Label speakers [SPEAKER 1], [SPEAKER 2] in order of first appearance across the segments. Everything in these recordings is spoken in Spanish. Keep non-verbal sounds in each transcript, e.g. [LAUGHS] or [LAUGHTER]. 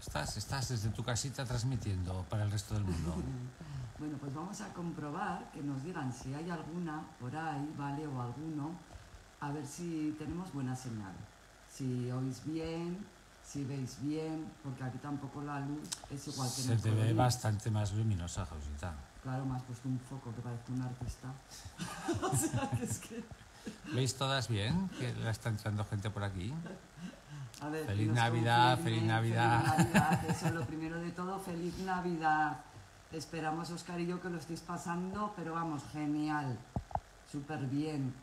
[SPEAKER 1] ¿Estás? ¿Estás? desde tu casita transmitiendo para el resto del mundo.
[SPEAKER 2] [LAUGHS] bueno, pues vamos a comprobar que nos digan si hay alguna por ahí, ¿vale? O alguno, a ver si tenemos buena señal. Si oís bien, si veis bien, porque aquí tampoco la luz es igual que Se te ve bastante
[SPEAKER 1] más luminosa, Josita.
[SPEAKER 2] Claro, más pues puesto un foco que parece un artista. [LAUGHS]
[SPEAKER 1] [LAUGHS] ¿Veis todas bien? Que la está entrando gente por aquí feliz, Navidad, feliz, Navidad, Eso es [LAUGHS] lo
[SPEAKER 2] primero de todo, feliz Navidad. Esperamos, Oscar y yo, que lo estéis pasando, pero vamos, genial, súper bien.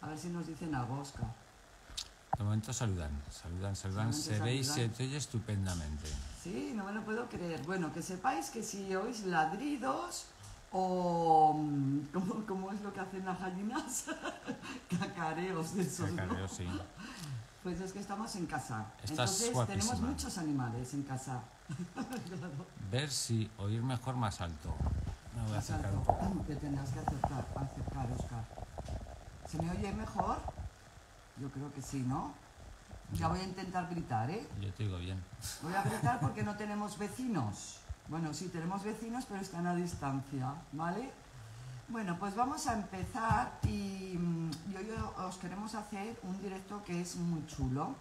[SPEAKER 2] A ver si nos dicen a Oscar.
[SPEAKER 1] De momento saludan, saludan, saludan, se veis, y se oye estupendamente.
[SPEAKER 2] Sí, no me lo puedo creer. Bueno, que sepáis que si oís ladridos o... Mm, ¿Cómo, es lo que hacen las gallinas?
[SPEAKER 1] [LAUGHS] Cacareos de esos, Cacareos, sí.
[SPEAKER 2] Pues es que estamos en casa. Entonces tenemos muchos animales en casa. [LAUGHS]
[SPEAKER 1] Ver si oír mejor más alto.
[SPEAKER 2] Me voy a Te tendrás que acercar, acercar, Oscar. ¿Se me oye mejor? Yo creo que sí, ¿no? Ya voy a intentar gritar, ¿eh?
[SPEAKER 1] Yo te digo bien. Voy a gritar
[SPEAKER 2] porque no [LAUGHS] tenemos vecinos. Bueno, sí, tenemos vecinos, pero están a distancia, ¿vale? Bueno, pues vamos a empezar y, hoy mm, os queremos hacer un directo que es muy chulo.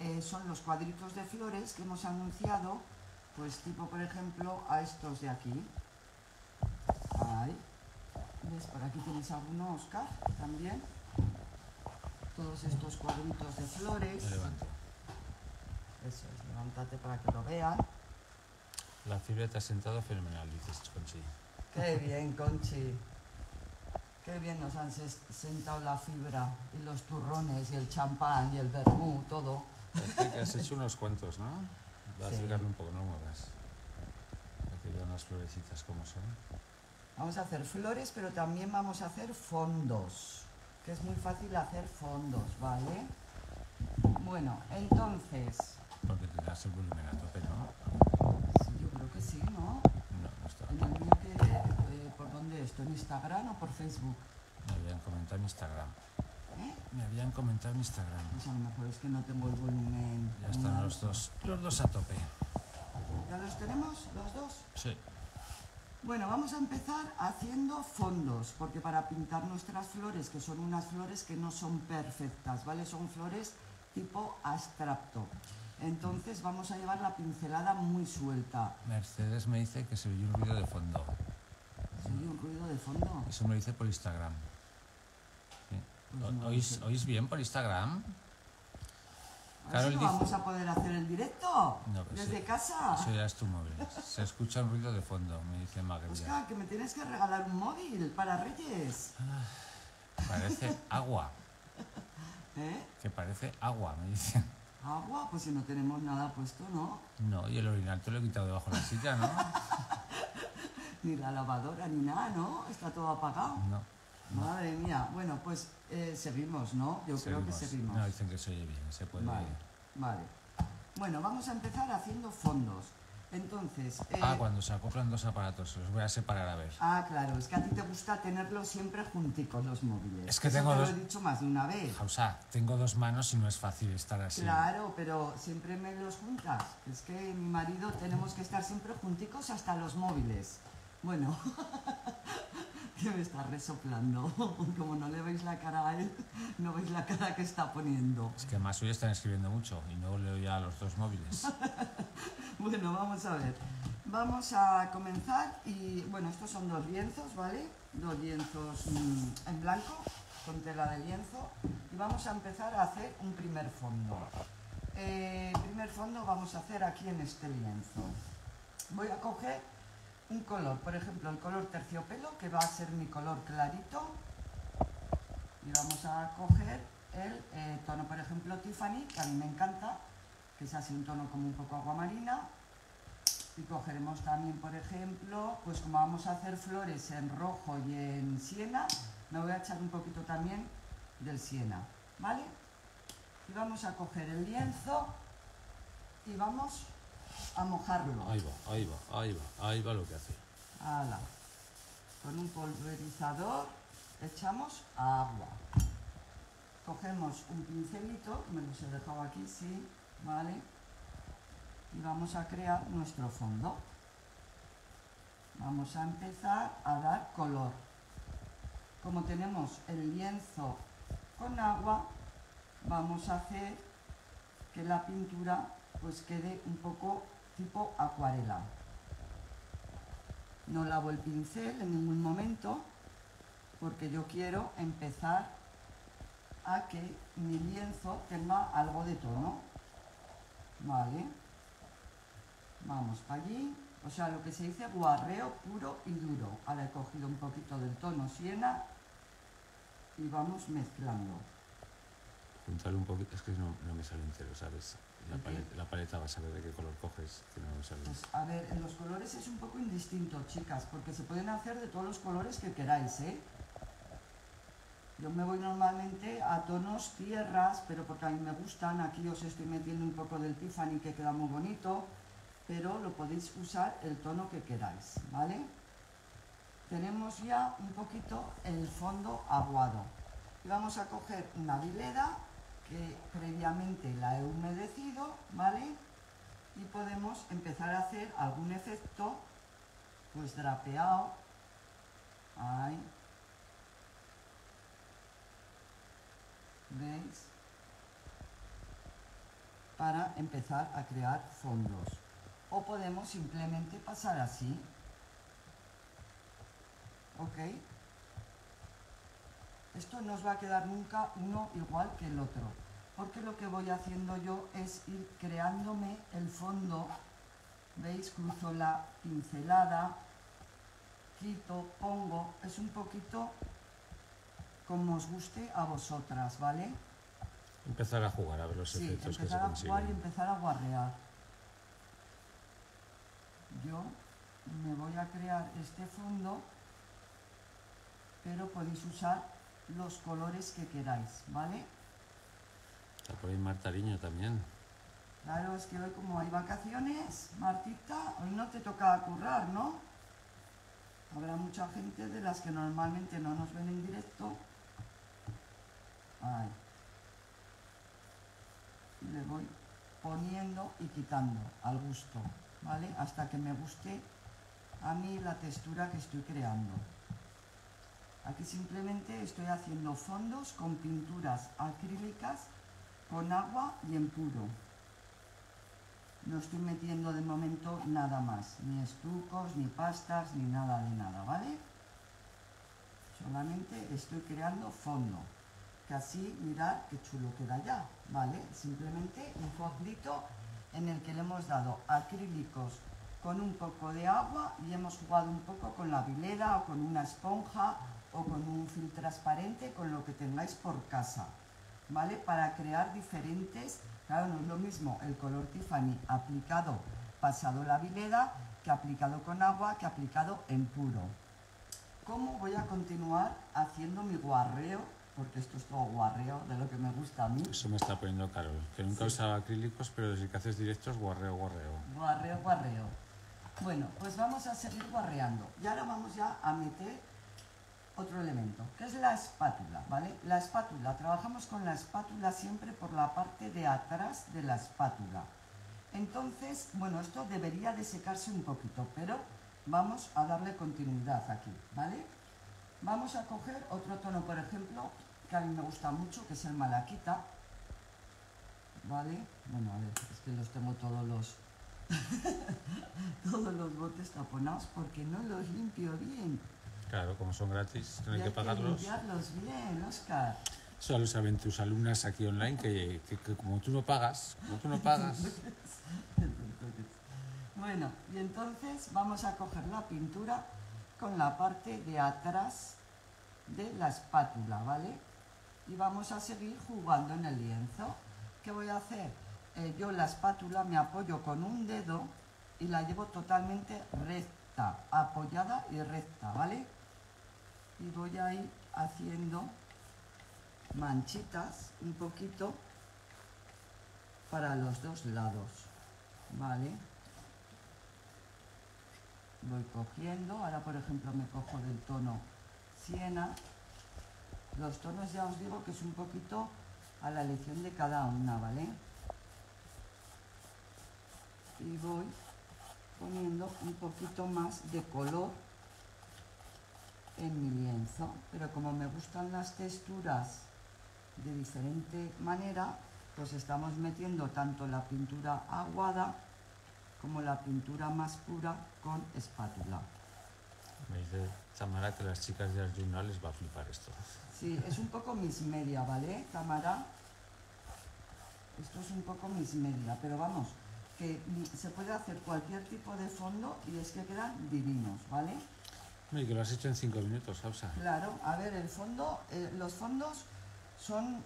[SPEAKER 2] Eh, son los cuadritos de flores que hemos anunciado, pues tipo por ejemplo a estos de aquí. Ahí. ¿Ves? Por aquí tenéis alguno, Oscar, también. Todos estos cuadritos de flores. Eso es, levántate para que lo veas.
[SPEAKER 1] La fibra te ha sentado fenomenal, dices, Conchi. Qué
[SPEAKER 2] bien, Conchi. Qué bien nos han sentado la fibra y los turrones y el champán y el vermú, todo.
[SPEAKER 1] Es que has hecho unos cuantos, ¿no? Vas sí. un poco, no muevas. Aquí vean las florecitas como son.
[SPEAKER 2] Vamos a hacer flores, pero también vamos a hacer fondos, que es muy fácil hacer fondos, ¿vale? Bueno, entonces... Porque te das el volumen a tope,
[SPEAKER 1] ¿no? Sí, yo creo que sí, ¿no? No, no está esto? ¿En Instagram o por Facebook? Me habían comentado en Instagram. ¿Eh? Me habían comentado en Instagram. Pues a lo mejor es que no tengo el volumen. Ya están los dos, los dos a tope.
[SPEAKER 2] ¿Ya los tenemos, los dos? Sí. Bueno, vamos a empezar haciendo fondos, porque para pintar nuestras flores, que son unas flores que no son perfectas, ¿vale? Son flores tipo abstracto. Entonces vamos a llevar la pincelada muy suelta.
[SPEAKER 1] Mercedes me dice que se oye un ruido de fondo un ruido de fondo. Eso me dice por Instagram. Pues ¿Oís, bien por Instagram? Carol vamos
[SPEAKER 2] a poder hacer el directo? Pues ¿Desde casa? Eso ya es tu móvil.
[SPEAKER 1] Se escucha un ruido de fondo, me dice Magdalena. Pues Oscar,
[SPEAKER 2] que me tienes que regalar un móvil para Reyes. Ah,
[SPEAKER 1] parece [LAUGHS] agua. ¿Eh? Que parece agua, me dice.
[SPEAKER 2] ¿Agua? Pues si no tenemos nada puesto, ¿no?
[SPEAKER 1] No, y el orinal te lo he quitado debajo de la silla, ¿no? [LAUGHS]
[SPEAKER 2] ni la lavadora ni nada, ¿no? Está todo apagado. No. Madre mía. Bueno, pues eh, seguimos, ¿no? Yo creo que seguimos. No, dicen que se oye bien, se puede. Vale, vale. Bueno, vamos a empezar haciendo fondos. Entonces. Eh, ah,
[SPEAKER 1] cuando se acoplan dos aparatos, los voy a separar a ver.
[SPEAKER 2] Ah, claro, es que a ti te gusta tenerlos siempre junticos los
[SPEAKER 1] móviles. Es que tengo te Lo he dicho más de una vez. O tengo dos manos y no es fácil estar así. Claro,
[SPEAKER 2] pero siempre me los juntas. Es que mi marido tenemos que estar siempre junticos hasta los móviles. Bueno, [LAUGHS] que me está resoplando. [LAUGHS] Como no le veis la cara a él, no veis la cara que está poniendo.
[SPEAKER 1] Es que más hoy están escribiendo mucho y no leo ya los dos móviles.
[SPEAKER 2] [LAUGHS] bueno, vamos a ver. Vamos a comenzar y bueno, estos son dos lienzos, ¿vale? Dos lienzos mm, en blanco con tela de lienzo y vamos a empezar a hacer un primer fondo. Eh, primer fondo vamos a hacer aquí en este lienzo. Voy a coger un color, por ejemplo, el color terciopelo, que va a ser mi color clarito. Y vamos a coger el eh, tono, por ejemplo, Tiffany, que a mí me encanta, que es así un tono como un poco aguamarina. Y cogeremos también, por ejemplo, pues como vamos a hacer flores en rojo y en siena, me voy a echar un poquito también del siena, ¿vale? Y vamos a coger el lienzo y vamos a mojarlo. Ahí va,
[SPEAKER 1] ahí va, ahí va, ahí va lo que hace.
[SPEAKER 2] Con un pulverizador echamos agua. Cogemos un pincelito, me los he dejado aquí, sí, ¿vale? Y vamos a crear nuestro fondo. Vamos a empezar a dar color. Como tenemos el lienzo con agua, vamos a hacer que la pintura pues quede un poco tipo acuarela. No lavo el pincel en ningún momento porque yo quiero empezar a que mi lienzo tenga algo de tono. Vale. Vamos allí. O sea, lo que se dice guarreo puro y duro. Ahora he cogido un poquito del tono siena
[SPEAKER 1] y vamos mezclando. un poquito, es que no, no me sale cero, ¿sabes? La paleta, la vas a ver de qué color coges, pues,
[SPEAKER 2] a ver, en los colores es un poco indistinto, chicas, porque se pueden hacer de todos los colores que queráis, ¿eh? Yo me voy normalmente a tonos tierras, pero porque a mí me gustan. Aquí os estoy metiendo un poco del Tiffany, que queda muy bonito, pero lo podéis usar el tono que queráis, ¿vale? Tenemos ya un poquito el fondo aguado. Y vamos a coger una vileda previamente la he humedecido, ¿vale? Y podemos empezar a hacer algún efecto, pues drapeado. Ahí. ¿Veis? Para empezar a crear fondos. O podemos simplemente pasar así. ¿Ok? Esto no os va a quedar nunca uno igual que el otro porque lo que voy haciendo yo es ir creándome el fondo, veis, cruzo la pincelada, quito, pongo, es un poquito como os guste a vosotras, ¿vale?
[SPEAKER 1] Empezar a jugar, a ver los efectos que se consiguen. empezar a jugar y
[SPEAKER 2] empezar a guarrear. Yo me voy a crear este fondo, pero podéis usar los colores que queráis, ¿vale?
[SPEAKER 1] Está también.
[SPEAKER 2] Claro, es que hoy como hay vacaciones, Martita, hoy no te toca currar, ¿no? Habrá mucha gente de las que normalmente no nos ven en directo. Ahí. Le voy poniendo y quitando al gusto, ¿vale? Hasta que me guste a mí la textura que estoy creando. Aquí simplemente estoy haciendo fondos con pinturas acrílicas con agua y en puro. No estoy metiendo de momento nada más, ni estucos, ni pastas, ni nada de nada, ¿vale? Solamente estoy creando fondo, que así mirad qué chulo queda ya, ¿vale? Simplemente un fondito en el que le hemos dado acrílicos con un poco de agua y hemos jugado un poco con la vilera o con una esponja o con un film transparente, con lo que tengáis por casa. ¿vale? Para crear diferentes, claro, no es lo mismo el color Tiffany aplicado pasado la vileda que aplicado con agua que aplicado en puro. ¿Cómo voy a continuar haciendo mi guarreo? Porque esto es todo guarreo, de lo que me gusta a mí.
[SPEAKER 1] Eso me está poniendo caro que nunca usaba acrílicos, pero desde que haces directos, guarreo, guarreo.
[SPEAKER 2] Guarreo, guarreo. Bueno, pues vamos a seguir guarreando. ya ahora vamos ya a meter otro elemento, que es la espátula, ¿vale? La espátula, trabajamos con la espátula siempre por la parte de atrás de la espátula. Entonces, bueno, esto debería de secarse un poquito, pero vamos a darle continuidad aquí, ¿vale? Vamos a coger otro tono, por ejemplo, que a mí me gusta mucho, que es el malaquita, ¿vale? Bueno, a ver, es que los tengo todos los... [LAUGHS] todos los botes taponados porque no los limpio bien.
[SPEAKER 1] Claro, como son gratis, tienen que pagarlos.
[SPEAKER 2] Que bien, Oscar.
[SPEAKER 1] Solo saben tus alumnas aquí online que, como tú no pagas, como tú no pagas. [LAUGHS]
[SPEAKER 2] bueno, y entonces vamos a coger la pintura con la parte de atrás de la espátula, ¿vale? Y vamos a seguir jugando en el lienzo. ¿Qué voy a hacer? Eh, yo la espátula me apoyo con un dedo y la llevo totalmente recta, apoyada y recta, ¿vale? y voy a ir haciendo manchitas un poquito para los dos lados, ¿vale? Voy cogiendo, ahora por ejemplo me cojo del tono siena, los tonos ya os digo que es un poquito a la elección de cada una, ¿vale? Y voy poniendo un poquito más de color en mi lienzo, pero como me gustan las texturas de diferente manera, pues estamos metiendo tanto la pintura aguada como la pintura más pura con espátula.
[SPEAKER 1] Me dice Tamara que las chicas de Arjuna les va a flipar esto. Sí, es
[SPEAKER 2] un poco mis media, ¿vale, Tamara? Esto es un poco mis media, pero vamos, que se puede hacer cualquier tipo de fondo y es que quedan divinos, ¿vale?
[SPEAKER 1] Y que lo has hecho en cinco minutos,
[SPEAKER 2] Claro, a ver, el fondo, eh, los fondos son,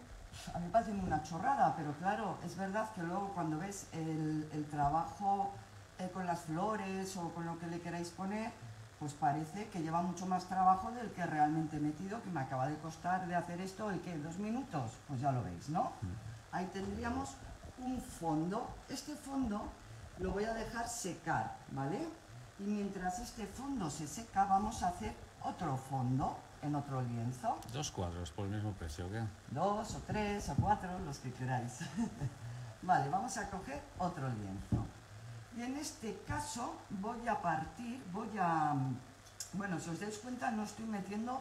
[SPEAKER 2] a mí me parecen una chorrada, pero claro, es verdad que luego cuando ves el, trabajo eh, con las flores o con lo que le queráis poner, pues parece que lleva mucho más trabajo del que realmente he metido, que me acaba de costar de hacer esto, ¿y qué? ¿Dos minutos? Pues ya lo veis, ¿no? Mm. Ahí tendríamos un fondo. Este fondo lo voy a dejar secar, ¿vale? y mientras este fondo se seca vamos a hacer otro fondo en otro lienzo.
[SPEAKER 1] ¿Dos cuadros por el mismo precio qué?
[SPEAKER 2] Dos o tres o cuatro, los que queráis. [LAUGHS] vale, vamos a coger otro lienzo. Y en este caso voy a partir, voy a... Mm, bueno, si os dais cuenta no estoy metiendo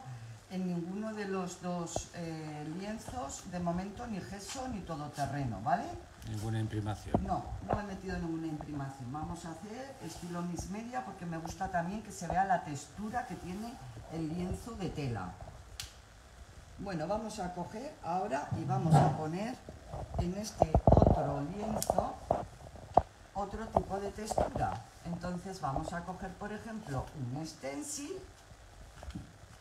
[SPEAKER 2] en ninguno de los dos eh, lienzos de momento ni gesso ni todoterreno, ¿vale?
[SPEAKER 1] Ninguna imprimación. No,
[SPEAKER 2] no he metido ninguna imprimación. Vamos a hacer estilo mis media porque me gusta también que se vea la textura que tiene el lienzo de tela. Bueno, vamos a coger ahora y vamos a poner en este otro lienzo otro tipo de textura. Entonces vamos a coger, por ejemplo, un stencil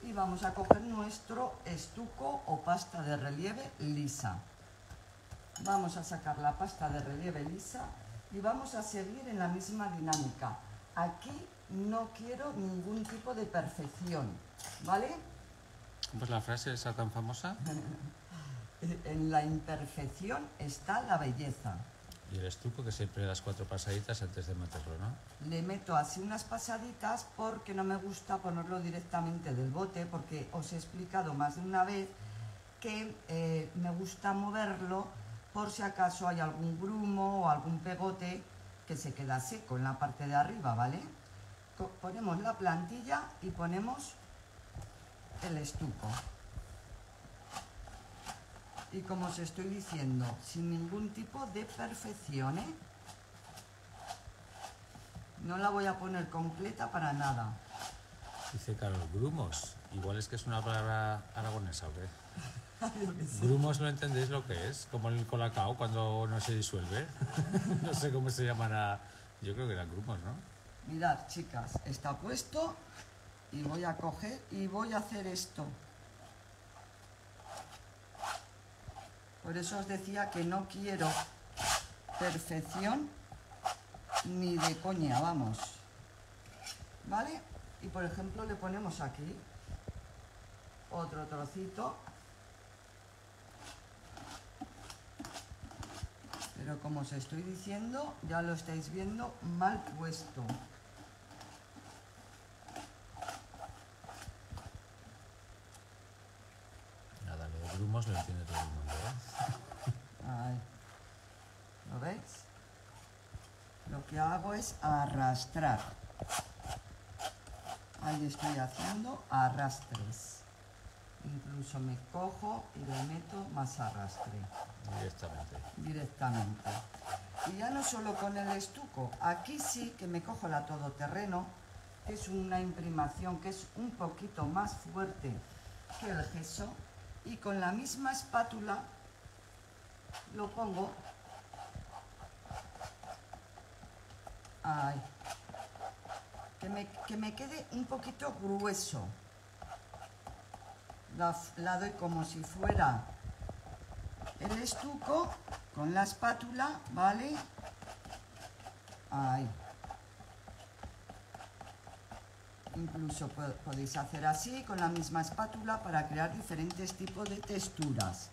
[SPEAKER 2] y vamos a coger nuestro estuco o pasta de relieve lisa. Vamos a sacar la pasta de relieve lisa y vamos a seguir en la misma dinámica. Aquí no quiero ningún tipo de perfección, ¿vale?
[SPEAKER 1] Pues la frase esa tan famosa.
[SPEAKER 2] [LAUGHS] en la imperfección está la belleza.
[SPEAKER 1] Y el estuco que siempre las cuatro pasaditas antes de meterlo, ¿no?
[SPEAKER 2] Le meto así unas pasaditas porque no me gusta ponerlo directamente del bote, porque os he explicado más de una vez que eh, me gusta moverlo por si acaso hay algún grumo o algún pegote que se queda seco en la parte de arriba, ¿vale? Ponemos la plantilla y ponemos el estuco. Y como os estoy diciendo, sin ningún tipo de perfección, ¿eh? No la voy a poner completa para nada.
[SPEAKER 1] Dice los grumos. Igual es que es una palabra aragonesa, ¿o qué? Grumos no entendéis lo que es, como el colacao cuando no se disuelve. [LAUGHS] no sé cómo se llamará. Yo creo que eran grumos, ¿no?
[SPEAKER 2] Mirad, chicas, está puesto y voy a coger y voy a hacer esto. Por eso os decía que no quiero perfección ni de coña, vamos. ¿Vale? Y por ejemplo le ponemos aquí otro trocito Pero como os estoy diciendo, ya lo estáis viendo mal puesto.
[SPEAKER 1] Nada, lo grumos lo entiende todo el mundo,
[SPEAKER 2] ¿eh? ¿Lo veis? Lo que hago es arrastrar. Ahí estoy haciendo arrastres. Incluso me cojo y le meto más arrastre. Directamente. Directamente. Y ya no solo con el estuco, aquí sí que me cojo la todoterreno, que es una imprimación que es un poquito más fuerte que el gesso, y con la misma espátula lo pongo que me quede un poquito grueso la, doy como si fuera el estuco con la espátula, ¿vale? Ahí. Incluso podéis hacer así con la misma espátula para crear diferentes tipos de texturas.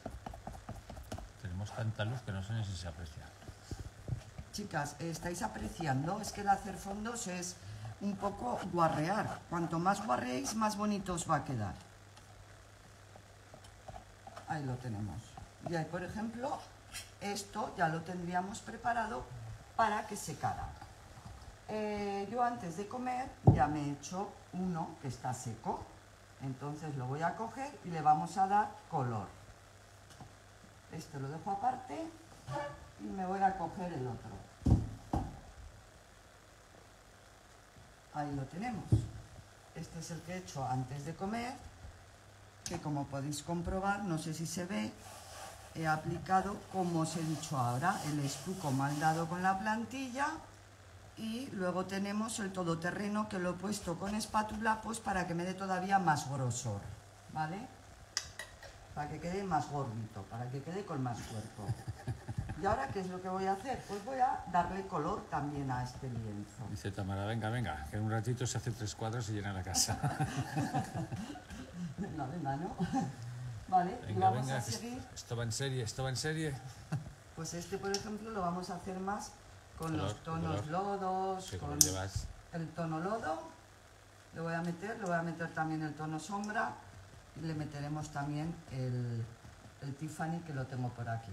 [SPEAKER 1] Tenemos tanta luz que no sé ni si se aprecia.
[SPEAKER 2] Chicas, ¿estáis apreciando? Es que el hacer fondos es un poco guarrear. Cuanto más guarreéis, más bonito os va a quedar. Ahí lo tenemos. Y ahí, por ejemplo, esto ya lo tendríamos preparado para que secara. Eh, yo antes de comer ya me he hecho uno que está seco. Entonces lo voy a coger y le vamos a dar color. Este lo dejo aparte y me voy a coger el otro. Ahí lo tenemos. Este es el que he hecho antes de comer que como podéis comprobar, no sé si se ve, he aplicado, como os he dicho ahora, el estuco mal dado con la plantilla y luego tenemos el todoterreno que lo he puesto con espátula pues para que me dé todavía más grosor, ¿vale? Para que quede más gordito, para que quede con más cuerpo. ¿Y ahora qué es lo que voy a hacer? Pues voy a darle color también a este lienzo.
[SPEAKER 1] Dice Tamara, venga, venga, que en un ratito se hace tres cuadros y llena la casa. [LAUGHS]
[SPEAKER 2] [LAUGHS] No, de [LAUGHS] mano. Vale, venga, vamos a seguir.
[SPEAKER 1] Esto en serie, esto en serie. [LAUGHS]
[SPEAKER 2] Pues este, por ejemplo, lo vamos a hacer más con los tonos lodos, con el tono lodo. lo voy a meter, lo voy a meter también el tono sombra. Y le meteremos también el, Tiffany que lo tengo por aquí.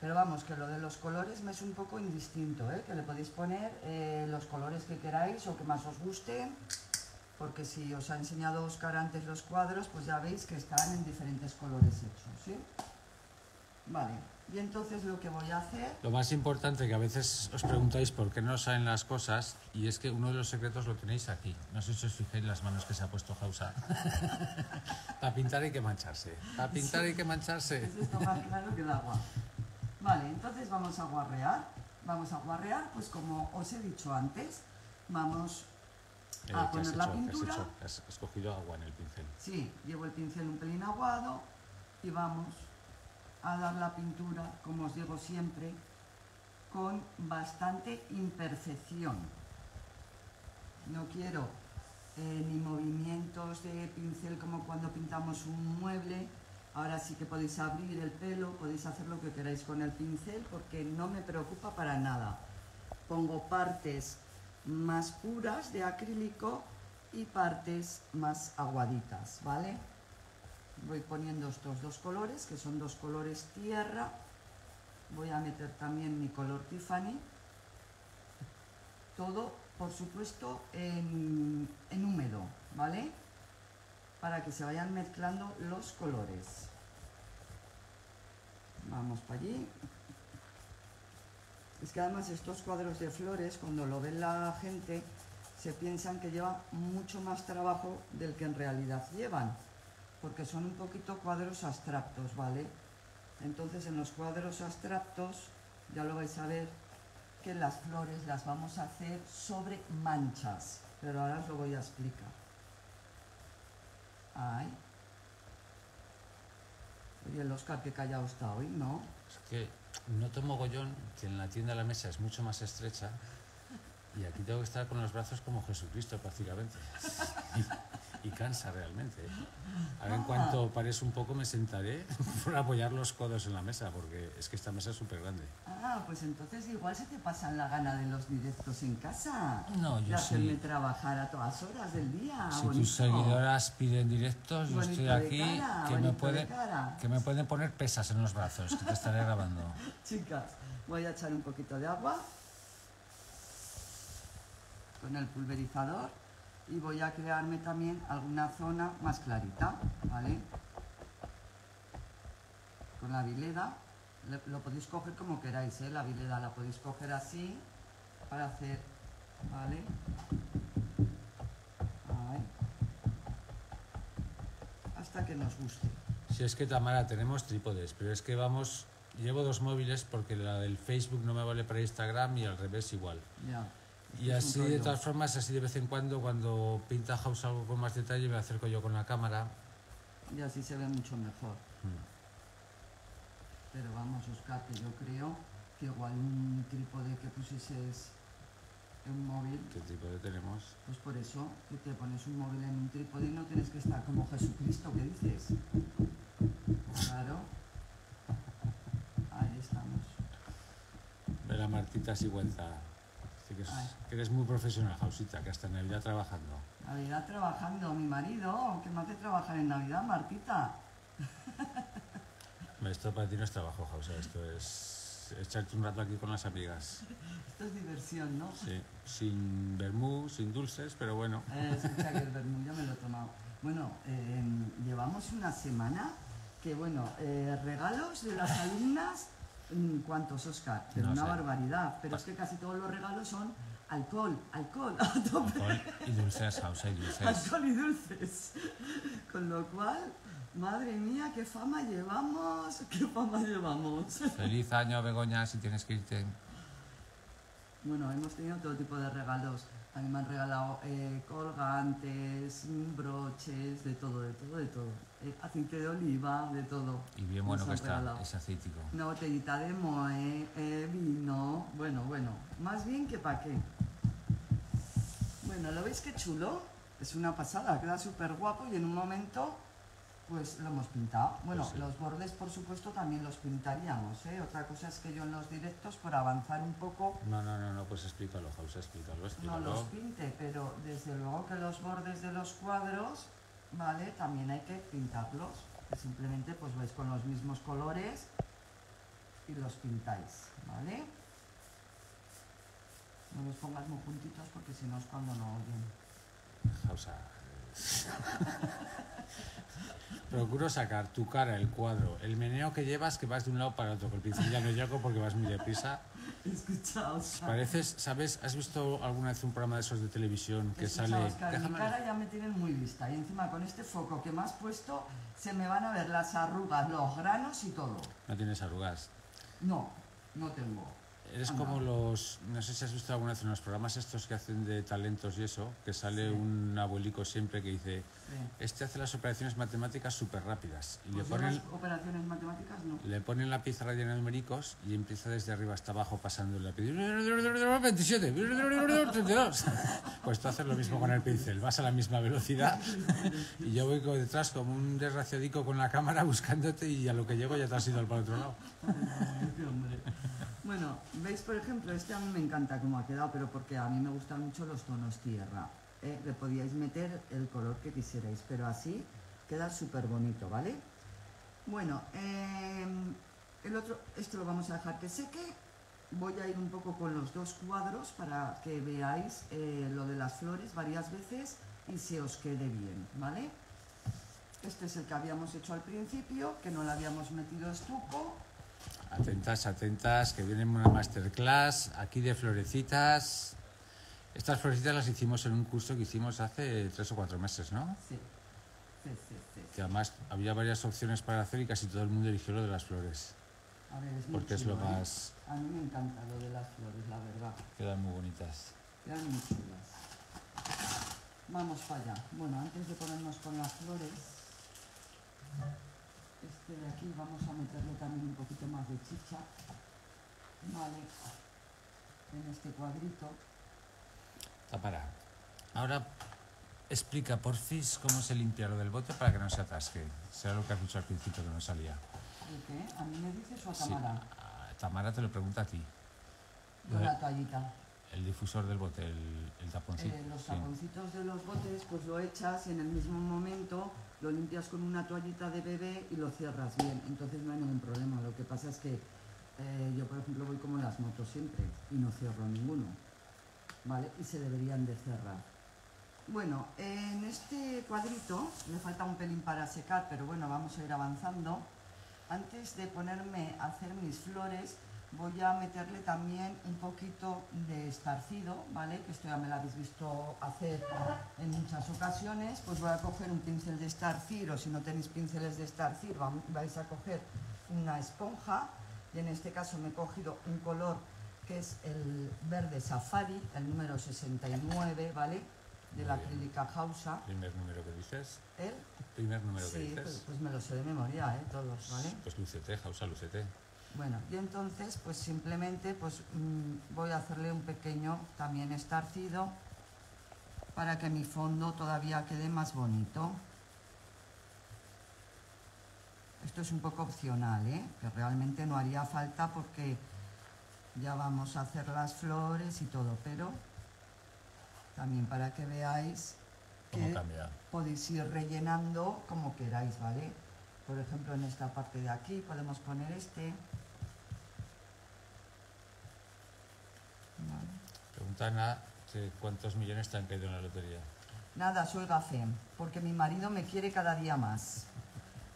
[SPEAKER 2] Pero vamos, que lo de los colores me es un poco indistinto, ¿eh? que le podéis poner eh, los colores que queráis o que más os gusten porque si os ha enseñado Oscar antes los cuadros, pues ya veis que están en diferentes colores hechos, ¿sí? Vale, y entonces lo que voy a hacer...
[SPEAKER 1] Lo más importante que a veces os preguntáis por qué no salen las cosas, y es que uno de los secretos lo tenéis aquí. No sé si os fijáis las manos que se ha puesto Jausa. [LAUGHS] Para pintar hay que mancharse. Para pintar hay que mancharse. Eso está más
[SPEAKER 2] claro que el agua. Vale, entonces vamos a guarrear. Vamos a guarrear, pues como os he dicho antes, vamos eh, a poner la pintura.
[SPEAKER 1] Has, escogido agua en el pincel.
[SPEAKER 2] Sí, llevo el pincel un pelín aguado y vamos a dar la pintura, como os digo siempre, con bastante imperfección. No quiero eh, ni movimientos de pincel como cuando pintamos un mueble. Ahora sí que podéis abrir el pelo, podéis hacer lo que queráis con el pincel porque no me preocupa para nada. Pongo partes más puras de acrílico y partes más aguaditas, ¿vale? Voy poniendo estos dos colores, que son dos colores tierra. Voy a meter también mi color Tiffany. Todo, por supuesto, en, en húmedo, ¿vale? Para que se vayan mezclando los colores. Vamos para allí. Es que además estos cuadros de flores, cuando lo ven la gente, se piensan que lleva mucho más trabajo del que en realidad llevan, porque son un poquito cuadros abstractos, ¿vale? Entonces en los cuadros abstractos, ya lo vais a ver, que las flores las vamos a hacer sobre manchas, pero ahora os lo voy a explicar.
[SPEAKER 1] Ay. Oye, el Oscar, que callado está hoy, ¿no? Es no tomo gollón, que en la tienda la mesa es mucho más estrecha y aquí tengo que estar con los brazos como Jesucristo prácticamente. [LAUGHS] y cansa realmente. ¿eh? Ahora en cuanto pares un poco me sentaré [LAUGHS] por apoyar los codos en la mesa, porque es que esta mesa es súper grande.
[SPEAKER 2] Ah, pues entonces igual se te pasan la gana de los directos en casa. No, yo Hacerme trabajar a todas horas del día. Si tus seguidoras
[SPEAKER 1] piden directos, yo estoy aquí, que, que me pueden poner pesas en los brazos, que te estaré grabando.
[SPEAKER 2] [LAUGHS] Chicas, voy a echar un poquito de agua con el pulverizador y voy a crearme también alguna zona más clarita, ¿vale? Con la vileda, lo podéis coger como queráis, ¿eh? La vileda la podéis coger así para hacer, ¿vale? Hasta que nos guste.
[SPEAKER 1] Si es que Tamara, tenemos trípodes, pero es que vamos, llevo dos móviles porque la del Facebook no me vale para Instagram y al revés igual. Ya. Y así, de todas formas, así de vez en cuando, cuando pinta House algo con más detalle, me acerco yo con la cámara.
[SPEAKER 2] Y así se ve mucho mejor. Hmm. Pero vamos, Oscar, que yo creo que igual un trípode que pusieses
[SPEAKER 1] en un móvil... ¿Qué trípode tenemos?
[SPEAKER 2] Pues por eso, que te pones un móvil en un trípode y no tienes que estar como Jesucristo, ¿qué dices? Claro. Ahí estamos.
[SPEAKER 1] De la Martita Sigüenza que, es, eres muy profesional, Jausita, que hasta en Navidad trabajando.
[SPEAKER 2] Navidad trabajando, mi marido, que más hace trabajar en Navidad, Martita. [LAUGHS]
[SPEAKER 1] Esto para ti no es trabajo, Jausa, esto es echarte un rato aquí con las amigas. Esto es diversión, ¿no? Sí, sin vermú, sin dulces, pero bueno. Eh,
[SPEAKER 2] escucha que el vermú ya me lo he tomado. Bueno, eh, llevamos una semana que, bueno, eh, regalos de las alumnas Mm, cuantos Oscar, pero una barbaridad. Pero ah. es que casi todos los regalos son alcohol, alcohol, [LAUGHS] Alcohol y dulces,
[SPEAKER 1] y
[SPEAKER 2] dulces. Con lo cual, madre mía, qué fama llevamos, qué fama llevamos.
[SPEAKER 1] Feliz año, Begoña, si tienes que irte.
[SPEAKER 2] Bueno, hemos tenido todo tipo de regalos. A mí me han regalado eh, colgantes, mm, broches, de todo, de todo, de todo. Eh, aceite de oliva, de todo.
[SPEAKER 1] Y bien bueno que está ese
[SPEAKER 2] Una botellita de moe, eh, vino, bueno, bueno, más bien que para qué. Bueno, ¿lo veis qué chulo? Es una pasada, queda súper guapo y en un momento pues lo hemos pintado. Pues bueno, los bordes por supuesto también los pintaríamos, ¿eh? Otra cosa es que yo en los directos por avanzar un poco...
[SPEAKER 1] No, no, no, no pues explícalo, Jausa, explícalo, explícalo. No los
[SPEAKER 2] pinte, pero desde luego que los bordes de los cuadros ¿vale? También hay que pintarlos, simplemente pues vais con los mismos colores y los pintáis, ¿vale? No los pongas muy juntitos porque si no es cuando no oyen.
[SPEAKER 1] [LAUGHS] Procuro sacar tu cara, el cuadro, el meneo que llevas que vas de un lado para otro, Con el pincel ya no llego porque vas muy deprisa. Pareces, ¿sabes? ¿Has visto alguna vez un programa de esos de televisión que sale? mi cara
[SPEAKER 2] ya me tienen muy vista y encima con este foco que me has puesto se me van a ver las arrugas, los granos y todo.
[SPEAKER 1] No tienes arrugas.
[SPEAKER 2] No, no tengo
[SPEAKER 1] eres como los, no sé si has visto alguna vez en los programas estos que hacen de talentos y eso, que sale un abuelico siempre que dice, este hace las operaciones matemáticas súper rápidas. Y le pues ponen,
[SPEAKER 2] operaciones matemáticas no.
[SPEAKER 1] Le ponen la pizarra llena de numéricos y empieza desde arriba hasta abajo pasando la lápiz 27, 32. Pues tú haces lo mismo con el pincel, vas a la misma velocidad y yo voy detrás como un desgraciadico con la cámara buscándote y a lo que llego ya te has ido al para otro lado.
[SPEAKER 2] Bueno, veis por ejemplo, este a mí me encanta cómo ha quedado, pero porque a mí me gustan mucho los tonos tierra. ¿eh? Le podíais meter el color que quisierais, pero así queda súper bonito, ¿vale? Bueno, em, el otro, esto lo vamos a dejar que seque. Voy a ir un poco con los dos cuadros para que veáis eh, lo de las flores varias veces y se os quede bien, ¿vale? Este es el que habíamos hecho al principio, que no le habíamos metido estuco
[SPEAKER 1] Atentas, atentas, que viene una masterclass aquí de florecitas. Estas florecitas las hicimos en un curso que hicimos hace tres o cuatro meses, ¿no?
[SPEAKER 2] Sí. Sí, sí,
[SPEAKER 1] sí. Que además había varias opciones para hacer y casi todo el mundo eligió lo de las flores. A ver, es porque muy es lo ¿eh? más.
[SPEAKER 2] A mí me encanta lo de las flores, la verdad.
[SPEAKER 1] Quedan muy bonitas.
[SPEAKER 2] Quedan muy chulas. Vamos para allá. Bueno, antes de ponernos con las flores este de aquí vamos a meterle también un poquito más de chicha vale en este cuadrito
[SPEAKER 1] Tapara ahora explica por porfis cómo se limpia lo del bote para que no se atasque será lo que has dicho al principio que no salía
[SPEAKER 2] ¿De qué? ¿a mí me dices o a Tamara?
[SPEAKER 1] Ah, Tamara te lo pregunta a ti Yo la eh, toallita el difusor del bote, el, taponcito. Eh, los
[SPEAKER 2] taponcitos de los botes, pues lo echas en el mismo momento lo limpias con una toallita de bebé y lo cierras bien, entonces no hay ningún problema. Lo que pasa es que eh, yo, por ejemplo, voy como las motos siempre y no cierro ninguno, ¿vale? Y se deberían de cerrar. Bueno, en este cuadrito le falta un pelín para secar, pero bueno, vamos a ir avanzando. Antes de ponerme a hacer mis flores, voy a meterle también un poquito de estarcido, ¿vale? Que esto ya me lo habéis visto hacer en muchas ocasiones. Pues voy a coger un pincel de estarcir o si no tenéis pinceles de estarcir vais a coger una esponja. Y en este caso me he cogido un color que es el verde safari, el número 69, ¿vale? de la acrílica
[SPEAKER 1] Hausa. ¿Primer número que dices? ¿El? ¿Primer número que dices? Sí, pues, pues,
[SPEAKER 2] me lo sé de memoria, ¿eh? Todos, ¿vale?
[SPEAKER 1] Pues lucete, Hausa, lucete. Bueno,
[SPEAKER 2] y entonces pues simplemente pues mm, voy a hacerle un pequeño también estarcido para que mi fondo todavía quede más bonito. Esto es un poco opcional, ¿eh? que realmente no haría falta porque ya vamos a hacer las flores y todo, pero también para que veáis que podéis ir rellenando como queráis, ¿vale? Por ejemplo, en esta parte de aquí podemos poner este.
[SPEAKER 1] Pregunta Ana, cuántos millones te han caído en la lotería.
[SPEAKER 2] Nada, soy fe, porque mi marido me quiere cada día más.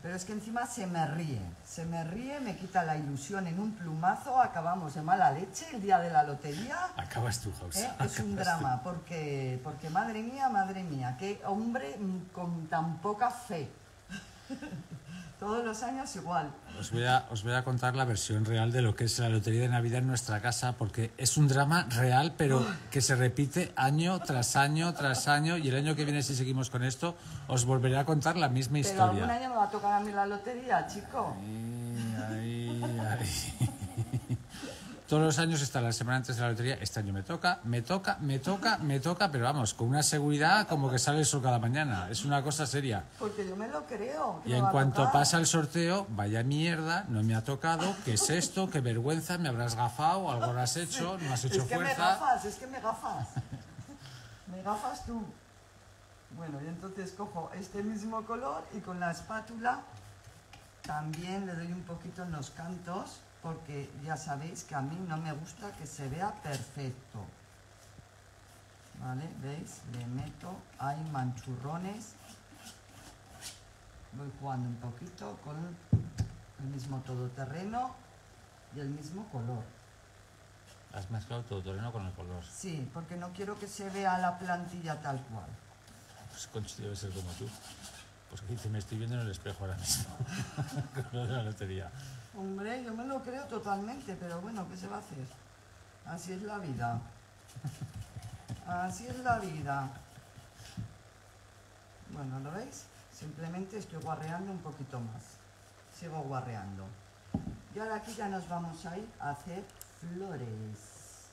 [SPEAKER 2] Pero es que encima se me ríe, se me ríe, me quita la ilusión en un plumazo, acabamos de mala leche el día de la lotería.
[SPEAKER 1] Acabas tú, José. ¿Eh? Es un drama,
[SPEAKER 2] porque, porque madre mía, madre mía, qué hombre con tan poca fe. Todos los años igual.
[SPEAKER 1] Os voy, a, os voy a contar la versión real de lo que es la Lotería de Navidad en nuestra casa, porque es un drama real, pero que se repite año tras año tras año, y el año que viene, si seguimos con esto, os volveré a contar la misma historia. Pero algún
[SPEAKER 2] año me va a tocar a mí la lotería, chico.
[SPEAKER 1] Ay, ahí, [LAUGHS] Todos los años está la semana antes de la lotería, este año me toca, me toca, me toca, me toca, pero vamos, con una seguridad como que sale eso cada mañana. Es una cosa seria.
[SPEAKER 2] Porque yo me lo creo. Y en cuanto pasa el
[SPEAKER 1] sorteo, vaya mierda, no me ha tocado, ¿qué es esto? ¿Qué vergüenza? ¿Me habrás gafado? ¿Algo lo [LAUGHS] has hecho? ¿No has hecho es que Me gafas,
[SPEAKER 2] es que me gafas. [LAUGHS] me gafas tú. Bueno, y entonces cojo este mismo color y con la espátula también le doy un poquito en los cantos porque ya sabéis que a mí no me gusta que se vea perfecto. ¿Vale? ¿Veis? Le meto, hay manchurrones. Voy jugando un poquito con el mismo todoterreno y el mismo color.
[SPEAKER 1] Has mezclado todoterreno con el color. Sí,
[SPEAKER 2] porque no quiero que se vea la plantilla tal cual.
[SPEAKER 1] Pues Conchi debe ser como tú. Pues aquí me estoy viendo en el espejo ahora mismo. [LAUGHS]
[SPEAKER 2] Hombre, yo me lo creo totalmente, pero bueno, ¿qué se va a hacer? Así es la vida. Así es la vida. Bueno, ¿lo veis? Simplemente estoy guarreando un poquito más. Sigo
[SPEAKER 1] guarreando.
[SPEAKER 2] Y ahora aquí ya nos vamos a ir a hacer flores.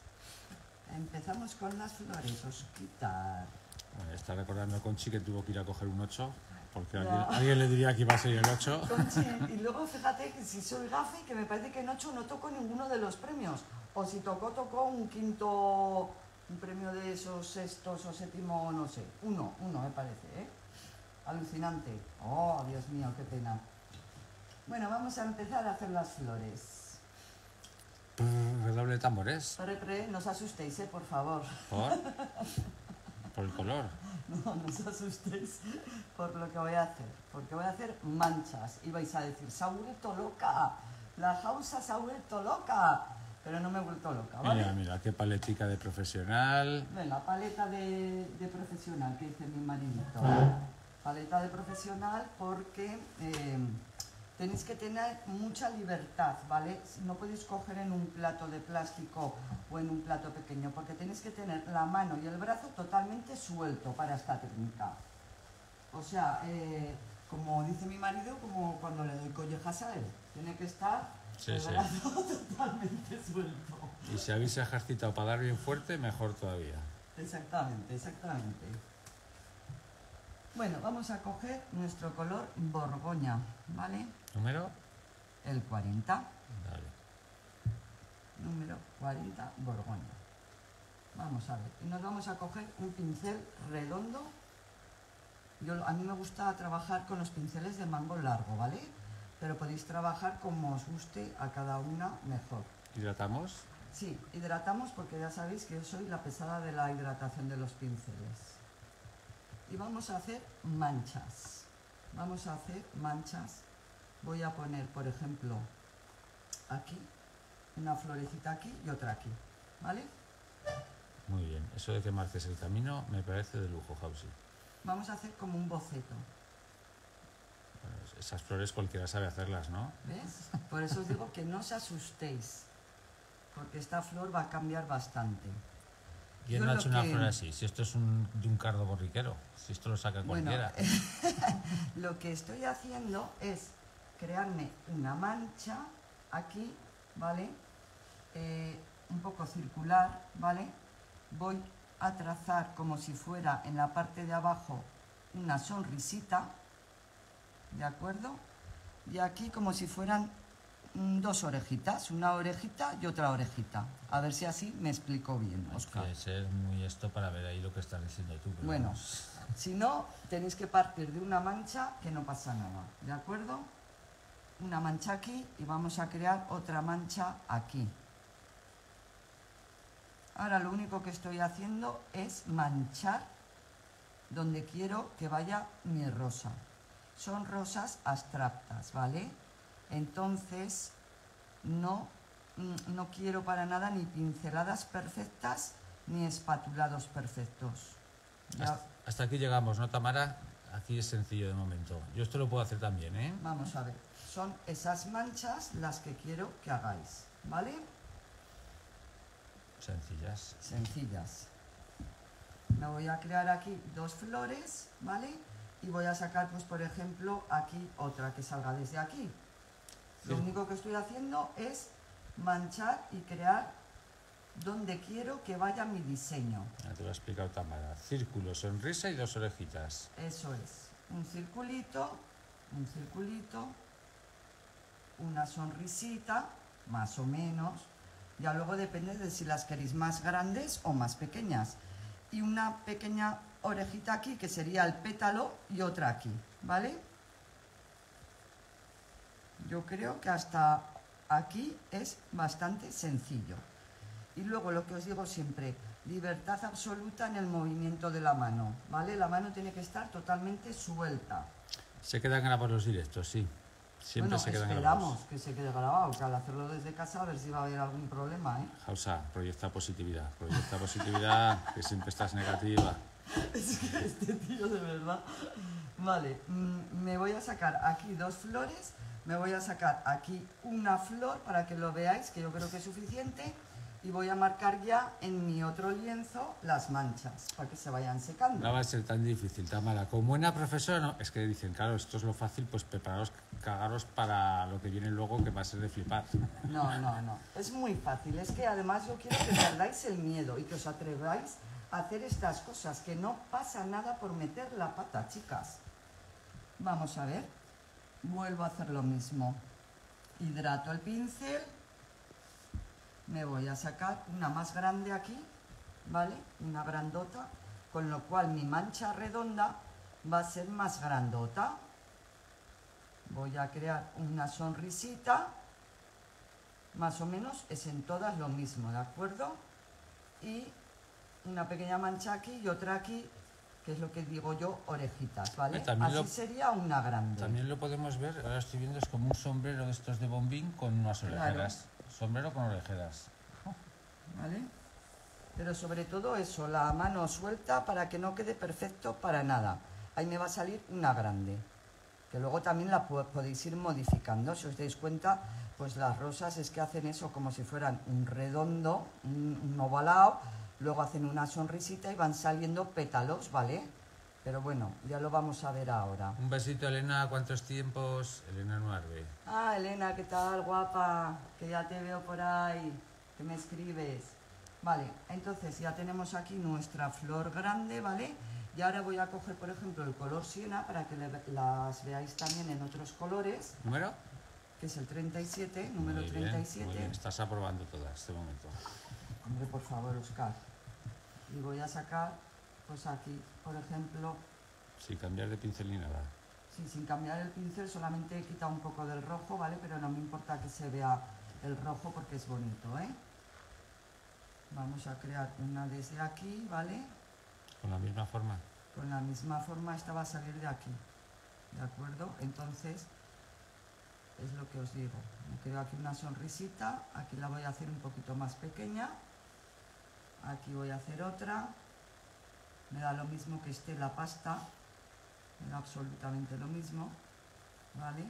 [SPEAKER 2] Empezamos con las flores, os quitar.
[SPEAKER 1] Estaba está recordando Conchi que tuvo que ir a coger un 8 porque alguien, le diría que iba a ser el 8.
[SPEAKER 2] [LAUGHS] y luego fíjate que si soy gafe, que me parece que en 8 no tocó ninguno de los premios. O si tocó, tocó un quinto, un premio de esos sextos o séptimo, no sé. Uno, uno me parece, ¿eh? Alucinante. Oh, Dios mío, qué pena. Bueno, vamos a empezar a hacer las flores.
[SPEAKER 1] Redoble tambores.
[SPEAKER 2] Pre, no os asustéis, ¿eh? por favor. [LAUGHS] Por el color. No, no os asustéis por lo que voy a hacer, porque voy a hacer manchas. Y vais a decir, se ha vuelto loca, la jausa se ha vuelto loca, pero no me he vuelto loca, Mira,
[SPEAKER 1] mira, qué paletica de profesional.
[SPEAKER 2] la paleta de, profesional, que dice mi marinito. Ah. Paleta de profesional porque... Eh, Tenéis que tener mucha libertad, ¿vale? No podéis coger en un plato de plástico o en un plato pequeño, porque tenéis que tener la mano y el brazo totalmente suelto para esta técnica. O sea, eh, como dice mi marido, como cuando le doy collejas a él, tiene que estar el brazo [LAUGHS] totalmente suelto.
[SPEAKER 1] Y si habéis ejercitado para dar bien fuerte, mejor todavía.
[SPEAKER 2] Exactamente, exactamente. Bueno, vamos a coger nuestro color borgoña, ¿vale? Número. El 40. Número 40, Borgoña. Vamos a ver, y nos vamos a coger un pincel redondo. Yo, a mí me gusta trabajar con los pinceles de mango largo, ¿vale? Pero podéis trabajar como os guste a cada una mejor.
[SPEAKER 1] ¿Hidratamos?
[SPEAKER 2] Sí, hidratamos porque ya sabéis que yo soy la pesada de la hidratación de los pinceles. Y vamos a hacer manchas. Vamos a hacer manchas voy a poner, por ejemplo, aquí, una florecita aquí y otra aquí, ¿vale?
[SPEAKER 1] Muy bien, eso de que marques el camino me parece de lujo, house
[SPEAKER 2] Vamos a hacer como un boceto.
[SPEAKER 1] Pues esas flores cualquiera sabe hacerlas, ¿no?
[SPEAKER 2] ¿Ves? Por eso os digo que no os asustéis, porque esta flor va a cambiar bastante.
[SPEAKER 1] ¿Quién no ha hecho una flor así? Si esto es un, de un cardo borriquero, si esto lo saca cualquiera.
[SPEAKER 2] [LAUGHS] lo que estoy haciendo es crearme una mancha aquí, ¿vale? Eh, un poco circular, ¿vale? Voy a trazar como si fuera en la parte de abajo una sonrisita, ¿de acuerdo? Y aquí como si fueran dos orejitas, una orejita y otra orejita. A ver si así me explico bien,
[SPEAKER 1] Oscar. que ser muy esto para ver ahí lo que estás diciendo tú. bueno,
[SPEAKER 2] si no, tenéis que partir de una mancha que no pasa nada, ¿de acuerdo? una mancha aquí y vamos a crear otra mancha aquí. Ahora lo único que estoy haciendo es manchar donde quiero que vaya mi rosa. Son rosas abstractas, ¿vale? Entonces no, mm, no quiero para nada ni pinceladas perfectas ni espatulados perfectos.
[SPEAKER 1] Hasta, hasta aquí llegamos, ¿no, Tamara? Aquí es sencillo de momento. Yo esto lo puedo hacer también, ¿eh?
[SPEAKER 2] Vamos a ver son esas manchas las que quiero que hagáis, ¿vale? Sencillas. Sencillas. Me voy a crear aquí dos flores, ¿vale? Y voy a sacar, pues por ejemplo, aquí otra que salga desde aquí. Lo único que estoy haciendo es manchar y crear donde quiero que vaya mi diseño.
[SPEAKER 1] Ya te lo ha explicado Tamara. Círculo, sonrisa y dos orejitas.
[SPEAKER 2] Eso es. Un circulito, un circulito, una sonrisita, más o menos. Ya luego depende de si las queréis más grandes o más pequeñas. Y una pequeña orejita aquí, que sería el pétalo, y otra aquí, ¿vale? Yo creo que hasta aquí es bastante sencillo. Y luego lo que os digo siempre, libertad absoluta en el movimiento de la mano, ¿vale? La mano tiene que estar totalmente suelta.
[SPEAKER 1] Se quedan por los directos, sí. Siempre se quedan esperamos
[SPEAKER 2] que se quede grabado, que al hacerlo desde casa a ver si va a haber algún problema, ¿eh?
[SPEAKER 1] Jausa, proyecta positividad, proyecta positividad, [LAUGHS] que siempre estás negativa.
[SPEAKER 2] Es que este tío de verdad... Vale, mm, me voy a sacar aquí dos flores, me voy a sacar aquí una flor para que lo veáis, que yo creo que es suficiente y voy a marcar ya en mi otro lienzo las manchas para que se vayan secando. No va a
[SPEAKER 1] ser tan difícil, Tamara. Como buena profesora, no, es que dicen, claro, esto es lo fácil, pues prepararos, cagaros para lo que viene luego que va a ser de flipar.
[SPEAKER 2] No, no, no. Es muy fácil. Es que además yo quiero que perdáis el miedo y que os atreváis a hacer estas cosas, que no pasa nada por meter la pata, chicas. Vamos a ver. Vuelvo a hacer lo mismo. Hidrato el pincel me voy a sacar una más grande aquí, ¿vale? Una grandota, con lo cual mi mancha redonda va a ser más grandota. Voy a crear una sonrisita, más o menos es en todas lo mismo, ¿de acuerdo? Y una pequeña mancha aquí y otra aquí, que es lo que digo yo, orejitas, ¿vale? Eh, Así sería
[SPEAKER 1] una grande. También lo podemos ver, ahora estoy viendo, es como un sombrero de estos de bombín con unas orejeras. Sombrero con orejeras.
[SPEAKER 2] ¿Vale? Pero sobre todo eso, la mano suelta para que no quede perfecto para nada. Ahí me va a salir una grande, que luego también la podéis ir modificando. Si os dais cuenta, pues las rosas es que hacen eso como si fueran un redondo, un, un ovalado, luego hacen una sonrisita y van saliendo pétalos, ¿vale? Pero bueno, ya lo vamos a ver ahora.
[SPEAKER 1] Un besito, Elena. ¿Cuántos tiempos? Elena Nuarbe.
[SPEAKER 2] Ah, Elena, ¿qué tal, guapa? Que ya te veo por ahí, que me escribes. Vale, entonces ya tenemos aquí nuestra flor grande, ¿vale? Y ahora voy a coger, por ejemplo, el color siena para que las veáis también en otros colores. ¿Número? Que es el 37, número 37. Muy bien. Estás
[SPEAKER 1] aprobando todas este momento.
[SPEAKER 2] Hombre, por favor, Oscar. Y voy a sacar pues aquí, por ejemplo...
[SPEAKER 1] Sin cambiar de pincel ni nada.
[SPEAKER 2] Sí, sin cambiar el pincel, solamente he quitado un poco del rojo, ¿vale? Pero no me importa que se vea el rojo porque es bonito, ¿eh? Vamos a crear una desde aquí, ¿vale?
[SPEAKER 1] Con la misma forma.
[SPEAKER 2] Con la misma forma, esta va a salir de aquí, ¿de acuerdo? Entonces, es lo que os digo. Me quedo aquí una sonrisita, aquí la voy a hacer un poquito más pequeña, aquí voy a hacer otra, me da lo mismo que esté la pasta, me da absolutamente lo mismo, ¿vale?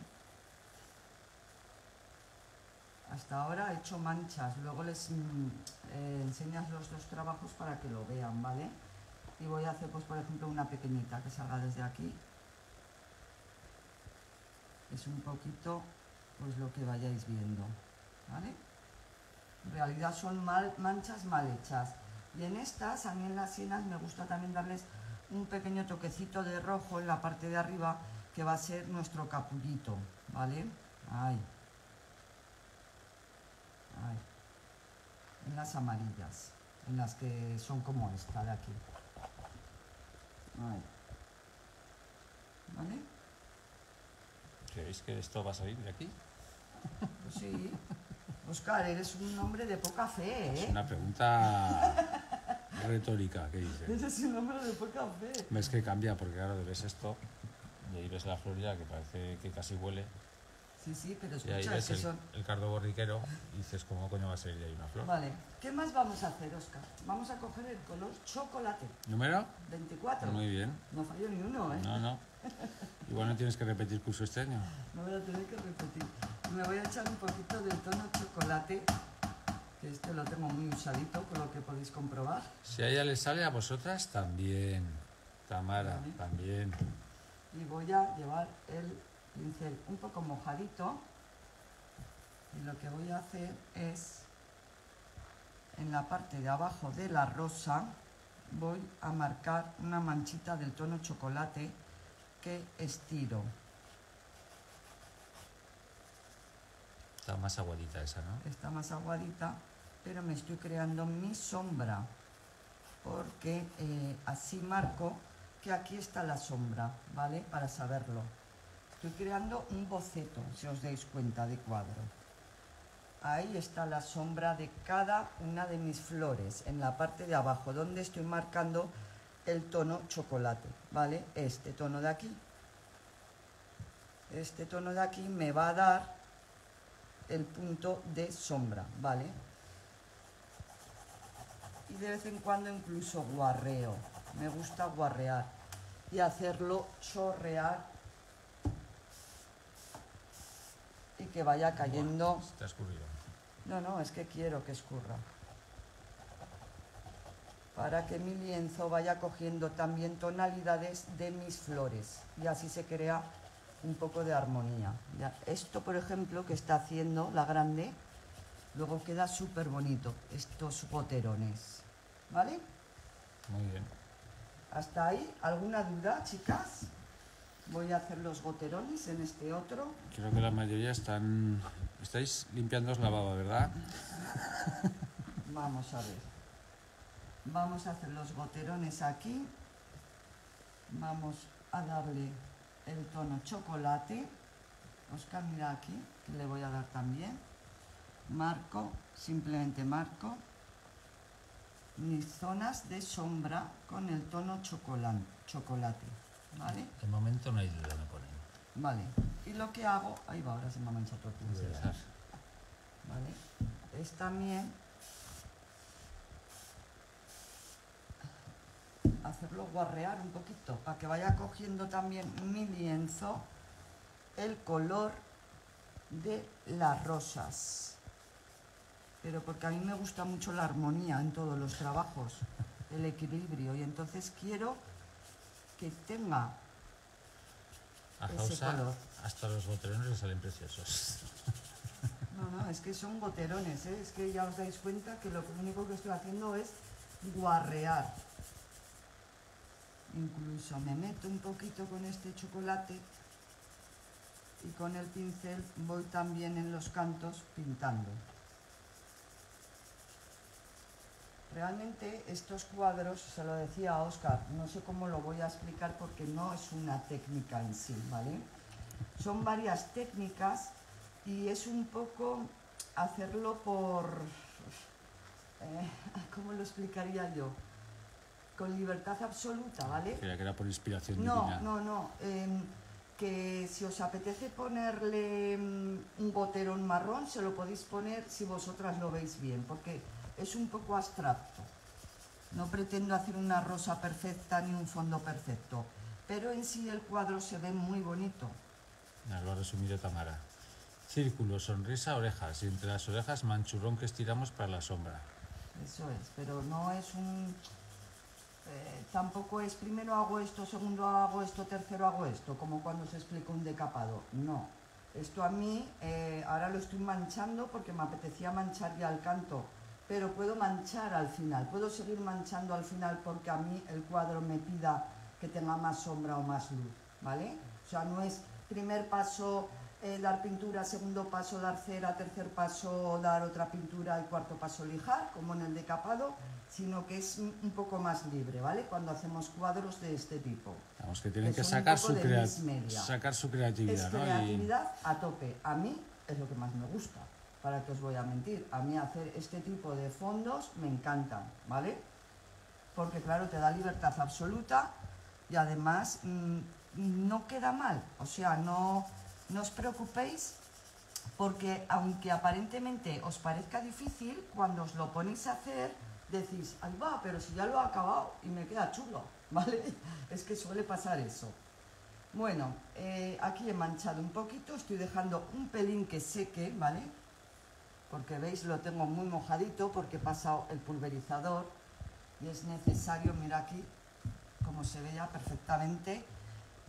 [SPEAKER 2] Hasta ahora he hecho manchas, luego les mm, eh, enseñas los dos trabajos para que lo vean, ¿vale? Y voy a hacer, pues, por ejemplo, una pequeñita que salga desde aquí. Es un poquito, pues, lo que vayáis viendo, ¿vale? En realidad son mal, manchas mal hechas. Y en estas, a mí en las hienas, me gusta también darles un pequeño toquecito de rojo en la parte de arriba que va a ser nuestro capullito, ¿vale? Ahí. Ahí. En las amarillas, en las que son como esta de aquí. Ahí. ¿Vale?
[SPEAKER 1] ¿Creéis que esto va a salir de aquí?
[SPEAKER 2] Pues sí. Oscar, eres un hombre de poca fe, ¿eh? Es una
[SPEAKER 1] pregunta retórica ¿qué dices?
[SPEAKER 2] Ese es el número de poca fe.
[SPEAKER 1] Es que cambia, porque ahora ves esto y ahí ves la flor que parece que casi huele.
[SPEAKER 2] Sí, sí, pero escucha, y que el, son...
[SPEAKER 1] el cardo borriquero y dices, ¿cómo coño va a salir de ahí una flor? Vale,
[SPEAKER 2] ¿qué más vamos a hacer, Oscar? Vamos a coger el color chocolate. ¿Número? 24. Muy bien. No falló ni uno, ¿eh? No,
[SPEAKER 1] no. Igual no tienes que repetir curso este año.
[SPEAKER 2] No voy a tener que repetir. Me voy a echar un poquito del tono chocolate este lo tengo muy usadito, con lo que podéis comprobar.
[SPEAKER 1] Si a ella le sale, a vosotras también. Tamara, también.
[SPEAKER 2] Y voy a llevar el pincel un poco mojadito. Y lo que voy a hacer es, en la parte de abajo de la rosa, voy a marcar una manchita del tono chocolate que estiro.
[SPEAKER 1] Está más aguadita esa, ¿no?
[SPEAKER 2] Está más aguadita, pero me estoy creando mi sombra, porque eh, así marco que aquí está la sombra, ¿vale? Para saberlo. Estoy creando un boceto, si os dais cuenta, de cuadro. Ahí está la sombra de cada una de mis flores, en la parte de abajo, donde estoy marcando el tono chocolate, ¿vale? Este tono de aquí. Este tono de aquí me va a dar el punto de sombra, ¿vale? Y de vez en cuando incluso guarreo, me gusta guarrear y hacerlo chorrear y que vaya cayendo... No, no, es que quiero que escurra. Para que mi lienzo vaya cogiendo también tonalidades de mis flores y así se crea un poco de armonía. Esto, por ejemplo, que está haciendo la grande, luego queda súper bonito, estos goterones. ¿vale? Muy bien. ¿Hasta ahí? ¿Alguna duda, chicas? Voy a hacer los goterones en este otro.
[SPEAKER 1] Creo que la mayoría están... Estáis limpiando la baba, ¿verdad?
[SPEAKER 2] [LAUGHS] Vamos a ver. Vamos a hacer los goterones aquí. Vamos a darle el tono chocolate, Oscar mira aquí, que le voy a dar también, marco, simplemente marco mis zonas de sombra con el tono chocolate, ¿vale?
[SPEAKER 1] De momento no hay duda, no poner
[SPEAKER 2] Vale, y lo que hago, ahí va, ahora se me ha manchado el pincel, ¿vale? Es también hacerlo guarrear un poquito para que vaya cogiendo también mi lienzo el color de las rosas pero porque a mí me gusta mucho la armonía en todos los trabajos el equilibrio y entonces quiero que tenga
[SPEAKER 1] hasta los boterones le salen preciosos
[SPEAKER 2] no, no, es que son boterones, ¿eh? es que ya os dais cuenta que lo único que estoy haciendo es guarrear incluso me meto un poquito con este chocolate y con el pincel voy también en los cantos pintando. Realmente estos cuadros, se lo decía a Oscar, no sé cómo lo voy a explicar porque no es una técnica en sí, ¿vale? Son varias técnicas y es un poco hacerlo por... Eh, ¿Cómo lo explicaría yo? con libertad absoluta, ¿vale? Creía
[SPEAKER 1] que era por inspiración no,
[SPEAKER 2] No, no, em, que si os apetece ponerle em, un boterón marrón, se lo podéis poner si vosotras lo veis bien, porque es un poco abstracto. No pretendo hacer una rosa perfecta ni un fondo perfecto, pero en sí el cuadro se ve muy bonito.
[SPEAKER 1] lo ha resumido Tamara. Círculo, sonrisa, orejas, y entre las orejas manchurrón que estiramos para la sombra.
[SPEAKER 2] Eso es, pero no es un eh, tampoco es primero hago esto, segundo hago esto, tercero hago esto, como cuando se explica un decapado. No. Esto a mí eh, ahora lo estoy manchando porque me apetecía manchar ya al canto, pero puedo manchar al final, puedo seguir manchando al final porque a mí el cuadro me pida que tenga más sombra o más luz, ¿vale? O sea, no es primer paso eh, dar pintura, segundo paso dar cera, tercer paso dar otra pintura y cuarto paso lijar, como en el decapado, sino que es un poco más libre, ¿vale? Cuando hacemos cuadros de este tipo. Vamos, que tienen que, sacar, su sacar su creatividad. a tope. A mí es lo que más me gusta, para que os voy a mentir. A mí hacer este tipo de fondos me encantan, ¿vale? Porque claro, te da libertad absoluta y además mm, no queda mal. O sea, no, no os preocupéis porque aunque aparentemente os parezca difícil, cuando os lo ponéis a hacer decís, ahí va, pero si ya lo ha acabado y me queda chulo, [LAUGHS] ¿vale? Es que suele pasar eso. Bueno, eh, aquí he manchado un poquito, estoy dejando un pelín que seque, ¿vale? Porque veis, lo tengo muy mojadito porque he pasado el pulverizador y es necesario, mira aquí, como se ve perfectamente,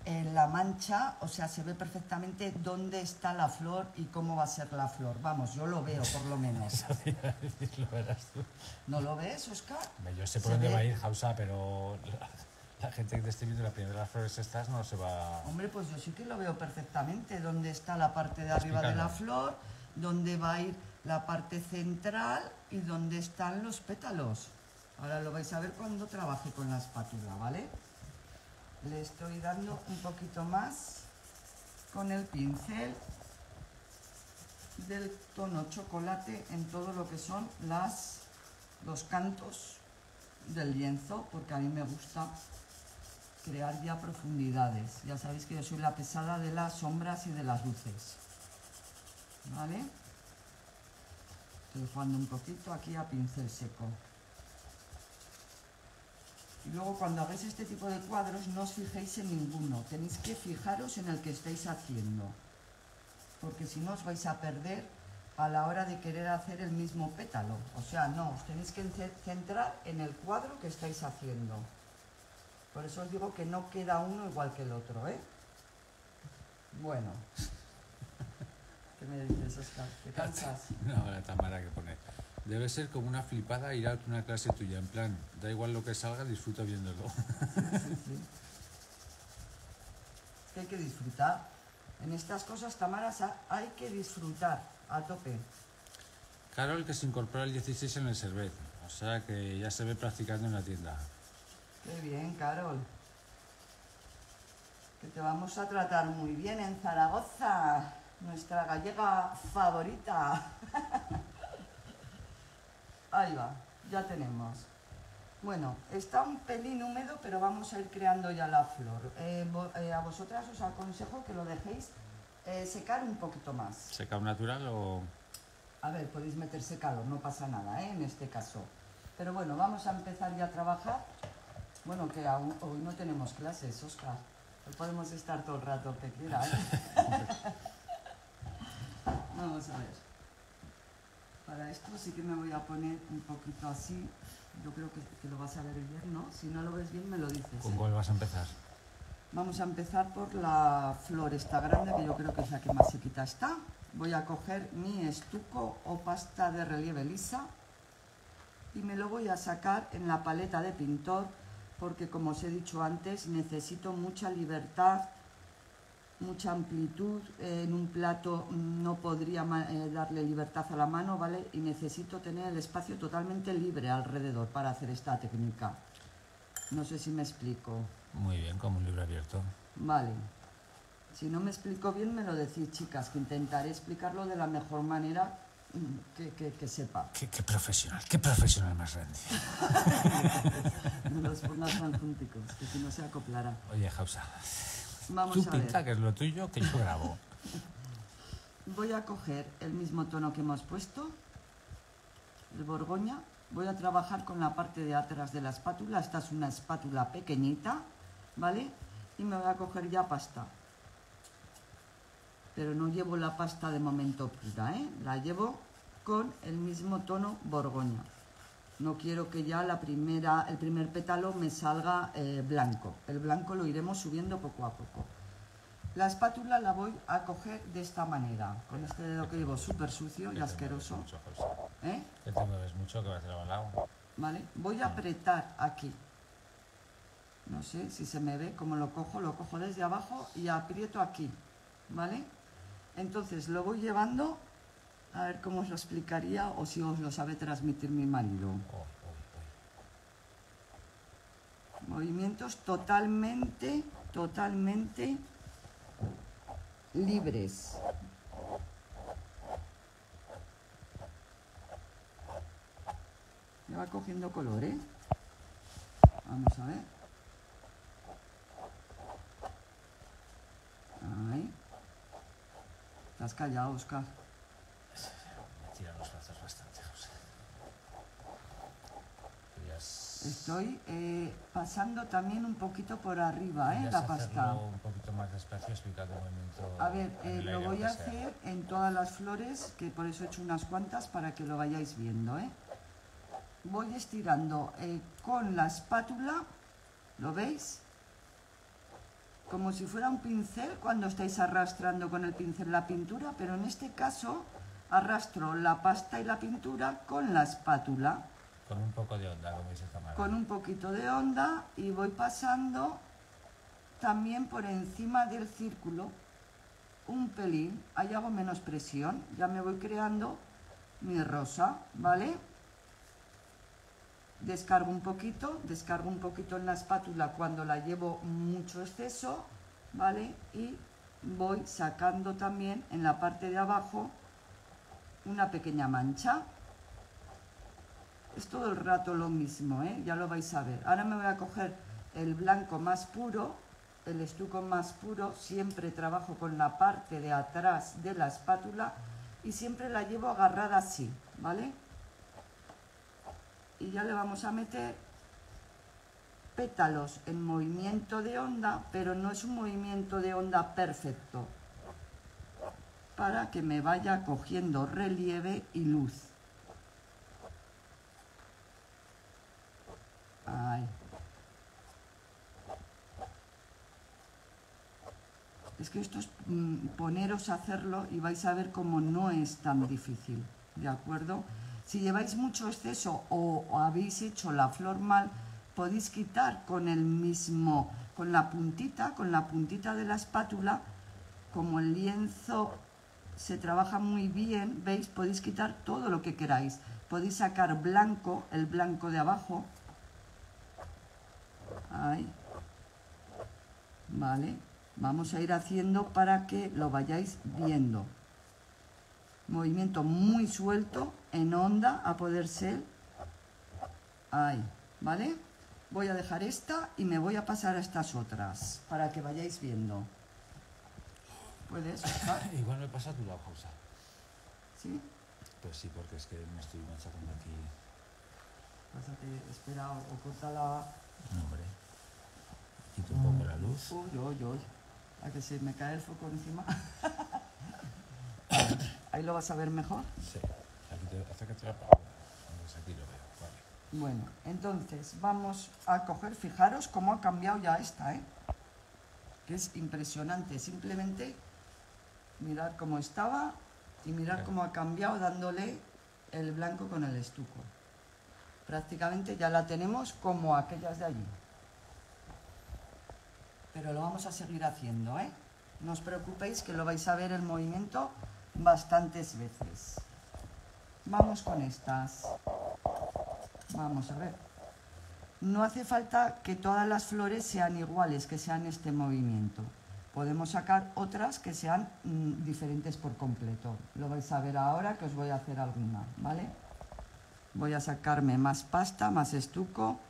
[SPEAKER 2] en la mancha, o sea, se ve perfectamente dónde está la flor y cómo va a ser la
[SPEAKER 1] flor. Vamos, yo lo veo por lo menos. [LAUGHS] ¿No lo ves, Oscar? Yo sé por dónde va a ir Hausa, pero la, gente que te esté viendo las flores estas no se va... Hombre, pues yo sí que lo veo perfectamente, dónde está la parte de arriba de la flor,
[SPEAKER 2] dónde va a ir la parte central y dónde están los pétalos. Ahora lo vais a ver cuando trabaje con la espátula, ¿vale? le estoy dando un poquito más con el pincel del tono chocolate en todo lo que son los cantos del lienzo, porque a mí me gusta crear ya profundidades. Ya sabéis que yo soy la pesada de las sombras y de las luces. ¿Vale? Estoy jugando un poquito aquí a pincel seco. Luego, cuando hagáis este tipo de cuadros, no os fijéis en ninguno. Tenéis que fijaros en el que estáis haciendo. Porque si no, os vais a perder a la hora de querer hacer el mismo pétalo. O sea, no, os tenéis que centrar en el cuadro que estáis haciendo. Por eso os digo que no queda uno igual que el otro, ¿eh? Bueno. [LAUGHS] ¿Qué me dices, Oscar?
[SPEAKER 1] ¿Qué cansas? No, la Tamara que pone... Debe ser como una flipada ir a una clase tuya, en plan, da igual lo que salga, disfruta viéndolo. [LAUGHS]
[SPEAKER 2] Que hay que disfrutar. En estas cosas, Tamara, hay que disfrutar a tope.
[SPEAKER 1] Carol, que se incorpora el 16 en el Cervet, o sea que ya se ve practicando en la tienda.
[SPEAKER 2] Qué bien, Carol. Que te vamos a tratar muy bien en Zaragoza, nuestra gallega favorita. [LAUGHS] Ahí va, ya tenemos. Bueno, está un pelín húmedo, pero vamos a ir creando ya la flor. Eh, eh, a vosotras os aconsejo que lo dejéis eh, secar un poquito más.
[SPEAKER 1] ¿Secado natural o...?
[SPEAKER 2] A ver, podéis meter secado, no pasa nada en este caso. Pero bueno, vamos a empezar ya a trabajar. Bueno, que aún, hoy no tenemos clases, Oscar. podemos estar todo el rato que [LAUGHS] vamos a ver para esto sí que me voy a poner un poquito así. Yo creo que, lo vas a ver bien, ¿no? Si no lo ves bien, me lo dices. ¿Con ¿eh? cuál vas a empezar? Vamos a empezar por la flor esta grande, que yo creo que es la que más sequita está. Voy a coger mi estuco o pasta de relieve lisa y me lo voy a sacar en la paleta de pintor porque, como os he dicho antes, necesito mucha libertad mucha amplitud, en un plato no podría eh, darle libertad a la mano, ¿vale? Y necesito tener el espacio totalmente libre alrededor para hacer esta técnica. No sé si me explico.
[SPEAKER 1] Muy bien, como un libro abierto.
[SPEAKER 2] Vale. Si no me explico bien, me lo decís, chicas, que intentaré explicarlo de la mejor manera mm, que, sepa. Qué,
[SPEAKER 1] profesional, qué profesional más grande. [LAUGHS] no los pongas tan que si no se acoplará. Oye, Jausa.
[SPEAKER 2] Vamos que es
[SPEAKER 1] lo tuyo que
[SPEAKER 2] [LAUGHS] Voy a coger el mismo tono que hemos puesto, el borgoña. Voy a trabajar con la parte de atrás de la espátula. Esta es una espátula pequeñita, ¿vale? Y me voy a coger ya pasta. Pero no llevo la pasta de momento pura, ¿eh? La llevo con el mismo tono borgoña. No quiero que ya la primera, el primer pétalo me salga eh, blanco. El blanco lo iremos subiendo poco a poco. La espátula la voy a coger de esta manera, con este dedo que llevo súper sucio y asqueroso. Mucho, ¿Eh?
[SPEAKER 1] Que va a
[SPEAKER 2] Vale, voy a ah. apretar aquí. No sé si se me ve como lo cojo, lo cojo desde abajo y aprieto aquí, ¿vale? Entonces lo voy llevando a ver cómo os lo explicaría o si os lo sabe transmitir mi marido. Movimientos totalmente, totalmente libres. Ya va cogiendo color, ¿eh? Vamos a ver. Ahí. Estás callado, Oscar. Estoy eh, pasando también un poquito por arriba eh, la pasta.
[SPEAKER 1] A ver, eh, lo voy a hacer
[SPEAKER 2] en todas las flores, que por eso he hecho unas cuantas para que lo vayáis viendo. ¿eh? Voy estirando con la espátula, ¿lo veis? Como si fuera un pincel cuando estáis arrastrando con el pincel la pintura, pero en este caso arrastro la pasta y la pintura con la espátula.
[SPEAKER 1] Con un poco de onda, como esta Con
[SPEAKER 2] un poquito de onda y voy pasando también por encima del círculo un pelín. Ahí hago menos presión, ya me voy creando mi rosa, ¿vale? Descargo un poquito, descargo un poquito en la espátula cuando la llevo mucho exceso, ¿vale? Y voy sacando también en la parte de abajo una pequeña mancha, es todo el rato lo mismo, ¿eh? ya lo vais a ver. Ahora me voy a coger el blanco más puro, el estuco más puro, siempre trabajo con la parte de atrás de la espátula y siempre la llevo agarrada así, ¿vale? Y ya le vamos a meter pétalos en movimiento de onda, pero no es un movimiento de onda perfecto, para que me vaya cogiendo relieve y luz. Es que esto es mm, poneros a hacerlo y vais a ver cómo no es tan difícil, ¿de acuerdo? Si lleváis mucho exceso o, o habéis hecho la flor mal, podéis quitar con el mismo, con la puntita, con la puntita de la espátula, como el lienzo se trabaja muy bien, ¿veis? Podéis quitar todo lo que queráis. Podéis sacar blanco, el blanco de abajo, Ahí. Vale. Vamos a ir haciendo para que lo vayáis viendo. Movimiento muy suelto, en onda, a poder ser. Ahí, ¿vale? Voy a dejar esta y me voy a pasar a estas otras, para que vayáis viendo.
[SPEAKER 1] ¿Puedes? [LAUGHS] Igual me pasa pasado tu lado, ¿Sí? Pues sí, porque es que me estoy manchando aquí. Pásate, espera, o,
[SPEAKER 2] o corta la...
[SPEAKER 1] No, hombre uy, uy, uy.
[SPEAKER 2] A que se me cae el foco encima. [LAUGHS] Ahí lo vas a ver mejor.
[SPEAKER 1] Sí. Aquí te, que lo Aquí lo veo.
[SPEAKER 2] Bueno, entonces vamos a coger, fijaros cómo ha cambiado ya esta, ¿eh? Que es impresionante. Simplemente mirar cómo estaba y mirar cómo ha cambiado dándole el blanco con el estuco. Prácticamente ya la tenemos como aquellas de allí pero lo vamos a seguir haciendo, ¿eh? No os preocupéis que lo vais a ver el movimiento bastantes veces. Vamos con estas. Vamos a ver. No hace falta que todas las flores sean iguales, que sean este movimiento. Podemos sacar otras que sean mm, diferentes por completo. Lo vais a ver ahora que os voy a hacer alguna, ¿vale? Voy a sacarme más pasta, más estuco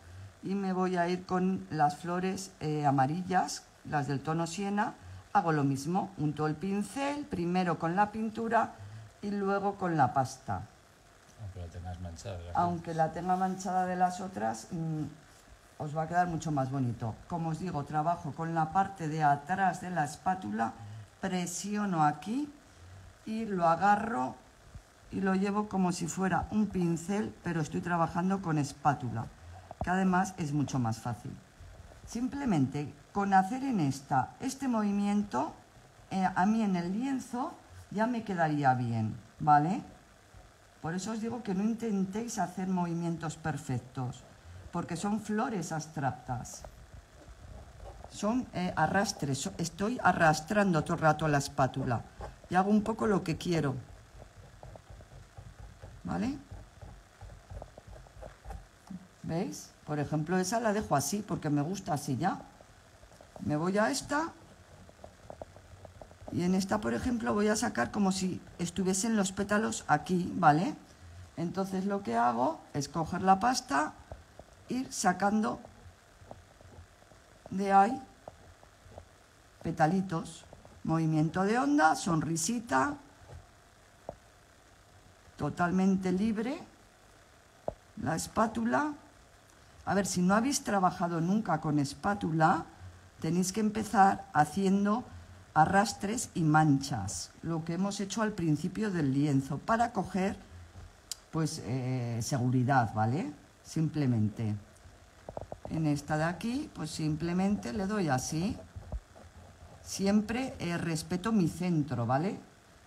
[SPEAKER 2] y me voy a ir con las flores eh, amarillas, las del tono siena, hago lo mismo, unto el pincel, primero con la pintura y luego con la pasta. Aunque la manchada. tenga manchada de las otras, mm, os va a quedar mucho más bonito. Como os digo, trabajo con la parte de atrás de la espátula, presiono aquí y lo agarro y lo llevo como si fuera un pincel, pero estoy trabajando con espátula que además es mucho más fácil. Simplemente con hacer en esta este movimiento, eh, a mí en el lienzo ya me quedaría bien, ¿vale? Por eso os digo que no intentéis hacer movimientos perfectos, porque son flores abstractas. Son eh, arrastres, estoy arrastrando todo rato la espátula y hago un poco lo que quiero. ¿Vale? ¿Veis? Por ejemplo, esa la dejo así porque me gusta así ya. Me voy a esta y en esta, por ejemplo, voy a sacar como si estuviesen los pétalos aquí, ¿vale? Entonces lo que hago es coger la pasta, ir sacando de ahí petalitos, movimiento de onda, sonrisita, totalmente libre, la espátula, a ver, si no habéis trabajado nunca con espátula, tenéis que empezar haciendo arrastres y manchas, lo que hemos hecho al principio del lienzo, para coger, pues, eh, seguridad, ¿vale? Simplemente. En esta de aquí, pues simplemente le doy así. Siempre eh, respeto mi centro, ¿vale?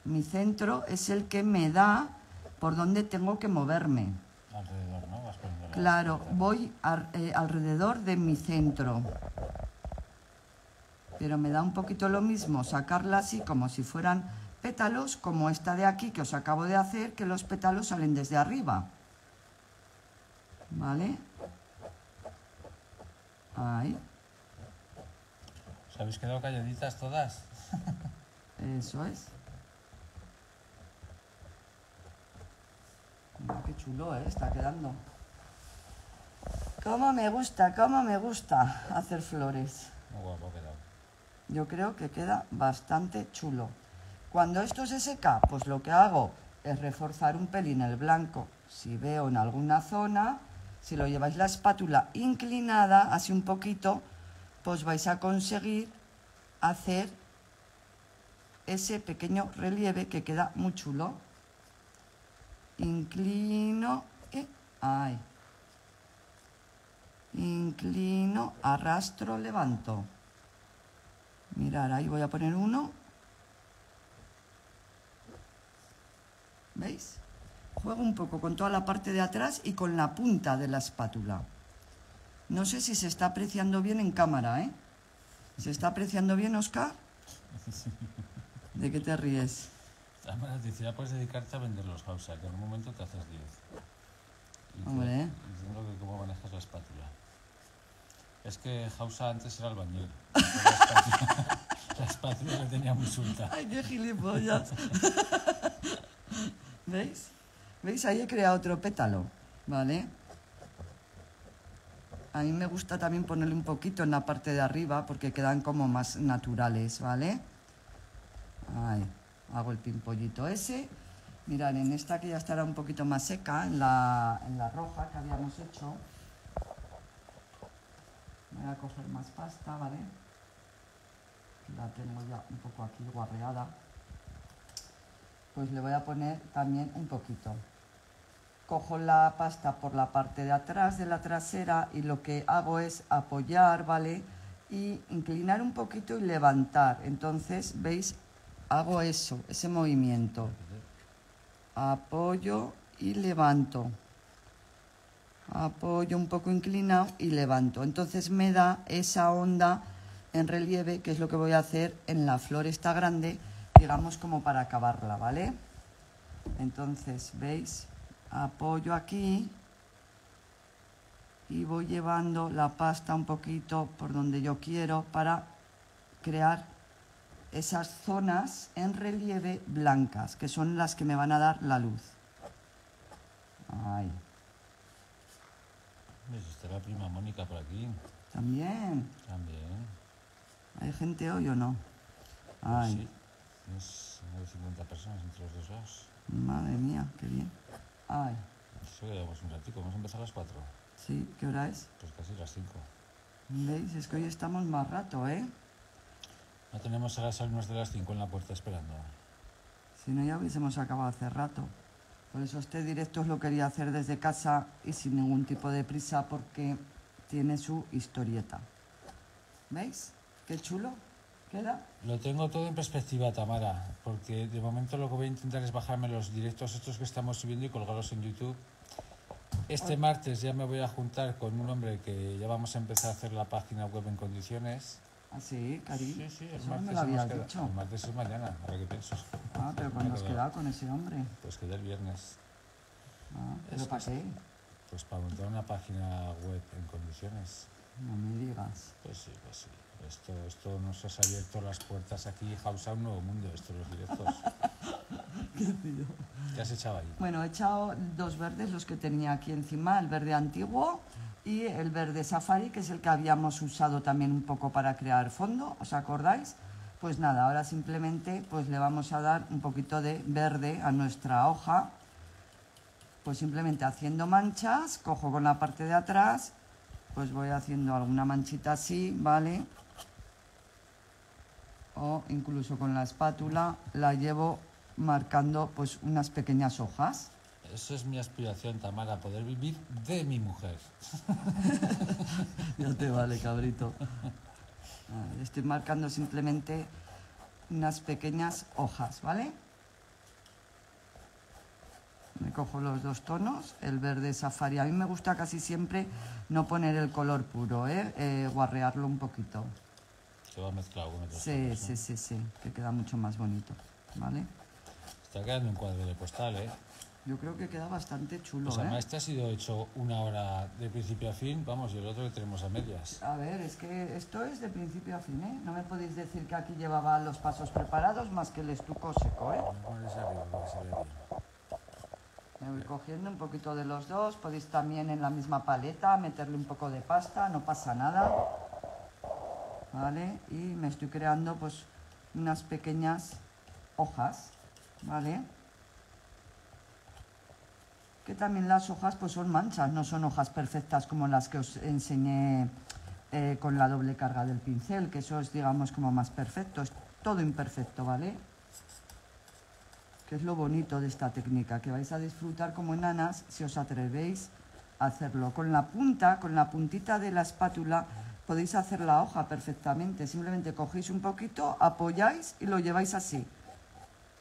[SPEAKER 2] Mi centro es el que me da por dónde tengo que moverme. Claro, voy eh, alrededor de mi centro. Pero me da un poquito lo mismo sacarla así como si fueran pétalos, como esta de aquí que os acabo de hacer, que los pétalos salen desde arriba. ¿Vale? Ahí.
[SPEAKER 1] ¿Os habéis quedado calladitas todas?
[SPEAKER 2] Eso es. Mira qué chulo, ¿eh? Está quedando. Cómo me gusta, cómo me gusta hacer flores. Yo creo que queda bastante chulo. Cuando esto se seca, pues lo que hago es reforzar un pelín el blanco. Si veo en alguna zona, si lo lleváis la espátula inclinada, así un poquito, pues vais a conseguir hacer ese pequeño relieve que queda muy chulo. Inclino y... ¡Ay! inclino, arrastro, levanto. Mirar, ahí voy a poner uno. ¿Veis? Juego un poco con toda la parte de atrás y con la punta de la espátula. No sé si se está apreciando bien en cámara, ¿eh? ¿Se está apreciando bien, Oscar?
[SPEAKER 1] [LAUGHS]
[SPEAKER 2] ¿De qué te ríes?
[SPEAKER 1] dice, ya puedes dedicarte a vender los pausas, que en un momento te haces 10. Hombre. Diciendo que cómo manejas la espátula. Es que Hausa antes era albañil. Las espátula lo tenía muy suelta. ¡Ay, qué gilipollas! [LAUGHS]
[SPEAKER 2] ¿Veis? ¿Veis? Ahí he creado otro pétalo, ¿vale? A mí me gusta también ponerle un poquito en la parte de arriba porque quedan como más naturales, ¿vale? Ahí, hago el pimpollito ese. Mirad, en esta que ya estará un poquito más seca, en la, en la roja que habíamos hecho, voy a coger más pasta, ¿vale? La tengo ya un poco aquí guarreada. Pues le voy a poner también un poquito. Cojo la pasta por la parte de atrás de la trasera y lo que hago es apoyar, ¿vale? Y inclinar un poquito y levantar. Entonces, ¿veis? Hago eso, ese movimiento. Apoyo y levanto apoyo un poco inclinado y levanto. Entonces me da esa onda en relieve, que es lo que voy a hacer en la flor esta grande, digamos como para acabarla, ¿vale? Entonces, ¿veis? Apoyo aquí y voy llevando la pasta un poquito por donde yo quiero para crear esas zonas en relieve blancas, que son las que me van a dar la luz. Ahí
[SPEAKER 1] está la prima Mónica por aquí.
[SPEAKER 2] También.
[SPEAKER 1] También.
[SPEAKER 2] ¿Hay gente hoy o no? Pues Ay. Sí.
[SPEAKER 1] Es 50 personas entre los dos lados. Madre mía, qué bien. Ay. Pues eso llevamos un ratico. Vamos a empezar a las 4. Sí, ¿qué hora es? Pues casi las 5.
[SPEAKER 2] ¿Veis? Es que hoy estamos más rato, ¿eh?
[SPEAKER 1] No tenemos a las alumnas de las 5 en la puerta esperando.
[SPEAKER 2] Si no, ya hubiésemos acabado hace rato. Por eso este directo es lo quería hacer desde casa y sin ningún tipo de prisa porque tiene su historieta. ¿Veis? Qué chulo queda.
[SPEAKER 1] Lo tengo todo en perspectiva, Tamara, porque de momento lo que voy a intentar es bajarme los directos estos que estamos subiendo y colgarlos en YouTube. Este martes ya me voy a juntar con un hombre que ya vamos a empezar a hacer la página web en condiciones. Ah, sí, Cari. Sí, sí, el martes, me lo dicho. El martes es mañana, ahora que pienso. Ah, pero cuando pues has quedado con ese hombre. Pues quedé el viernes. Ah, pasé? pasé Pues para montar una página web en condiciones. No me digas. Pues sí, pues sí. Esto, esto nos has abierto las puertas aquí, House a un nuevo mundo, estos los directos. [LAUGHS] ¿Qué, ¿Qué has echado ahí?
[SPEAKER 2] Bueno, he echado dos verdes, los que tenía aquí encima, el verde antiguo y el verde safari, que es el que habíamos usado también un poco para crear fondo, ¿os acordáis? Pues nada, ahora simplemente pues le vamos a dar un poquito de verde a nuestra hoja, pues simplemente haciendo manchas, cojo con la parte de atrás, pues voy haciendo alguna manchita así, ¿vale? O incluso con la espátula la llevo marcando pues unas pequeñas
[SPEAKER 1] hojas. Eso es mi aspiración, Tamara, poder vivir de mi mujer.
[SPEAKER 2] no [LAUGHS] te vale, cabrito. Estoy marcando simplemente unas pequeñas hojas, ¿vale? Me cojo los dos tonos, el verde safari. A mí me gusta casi siempre no poner el color puro, ¿eh? eh guarrearlo un poquito.
[SPEAKER 1] Se va mezclado con Sí, ¿eh?
[SPEAKER 2] sí, sí, sí, que queda mucho más bonito, ¿vale?
[SPEAKER 1] Está quedando un cuadro de postal, ¿eh? Yo creo que queda bastante chulo. O sea, este ha sido hecho una hora de principio a fin, vamos, y el otro que tenemos a medias.
[SPEAKER 2] A ver, es que esto es de principio a fin, ¿eh? No me podéis decir que aquí llevaba los pasos preparados más que el estuco seco, ¿eh? Me voy cogiendo un poquito de los dos. Podéis también en la misma paleta meterle un poco de pasta, no pasa nada. ¿Vale? Y me estoy creando pues unas pequeñas hojas, ¿vale? vale que también las hojas pues son manchas, no son hojas perfectas como las que os enseñé eh, con la doble carga del pincel, que eso es digamos como más perfecto, es todo imperfecto, ¿vale? Que es lo bonito de esta técnica, que vais a disfrutar como enanas si os atrevéis a hacerlo. Con la punta, con la puntita de la espátula podéis hacer la hoja perfectamente, simplemente cogéis un poquito, apoyáis y lo lleváis así,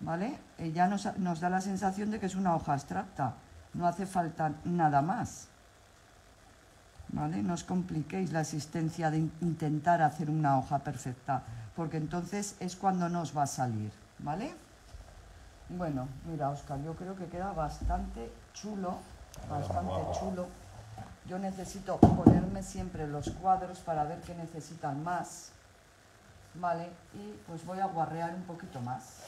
[SPEAKER 2] ¿vale? Y ya nos, nos da la sensación de que es una hoja abstracta. No hace falta nada más. ¿Vale? No os compliquéis la existencia de intentar hacer una hoja perfecta, porque entonces es cuando no os va a salir, ¿vale? Bueno, mira, Oscar, yo creo que queda bastante chulo, bastante chulo. Yo necesito ponerme siempre los cuadros para ver qué necesitan más, ¿vale? Y pues voy a guarrear un poquito más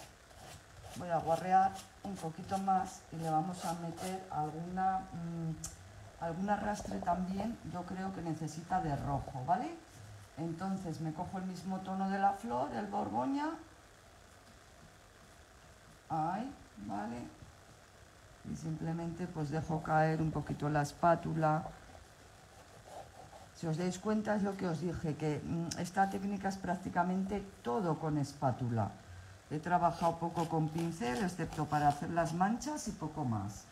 [SPEAKER 2] voy a guarrear un poquito más y le vamos a meter alguna, mm, algún arrastre también, yo creo que necesita de rojo, ¿vale? Entonces me cojo el mismo tono de la flor, el borgoña, ahí, ¿vale? Y simplemente pues dejo caer un poquito la espátula, si os dais cuenta es lo que os dije, que mm, esta técnica es prácticamente todo con espátula. He trabajado poco con pincel, excepto para hacer las manchas y poco más.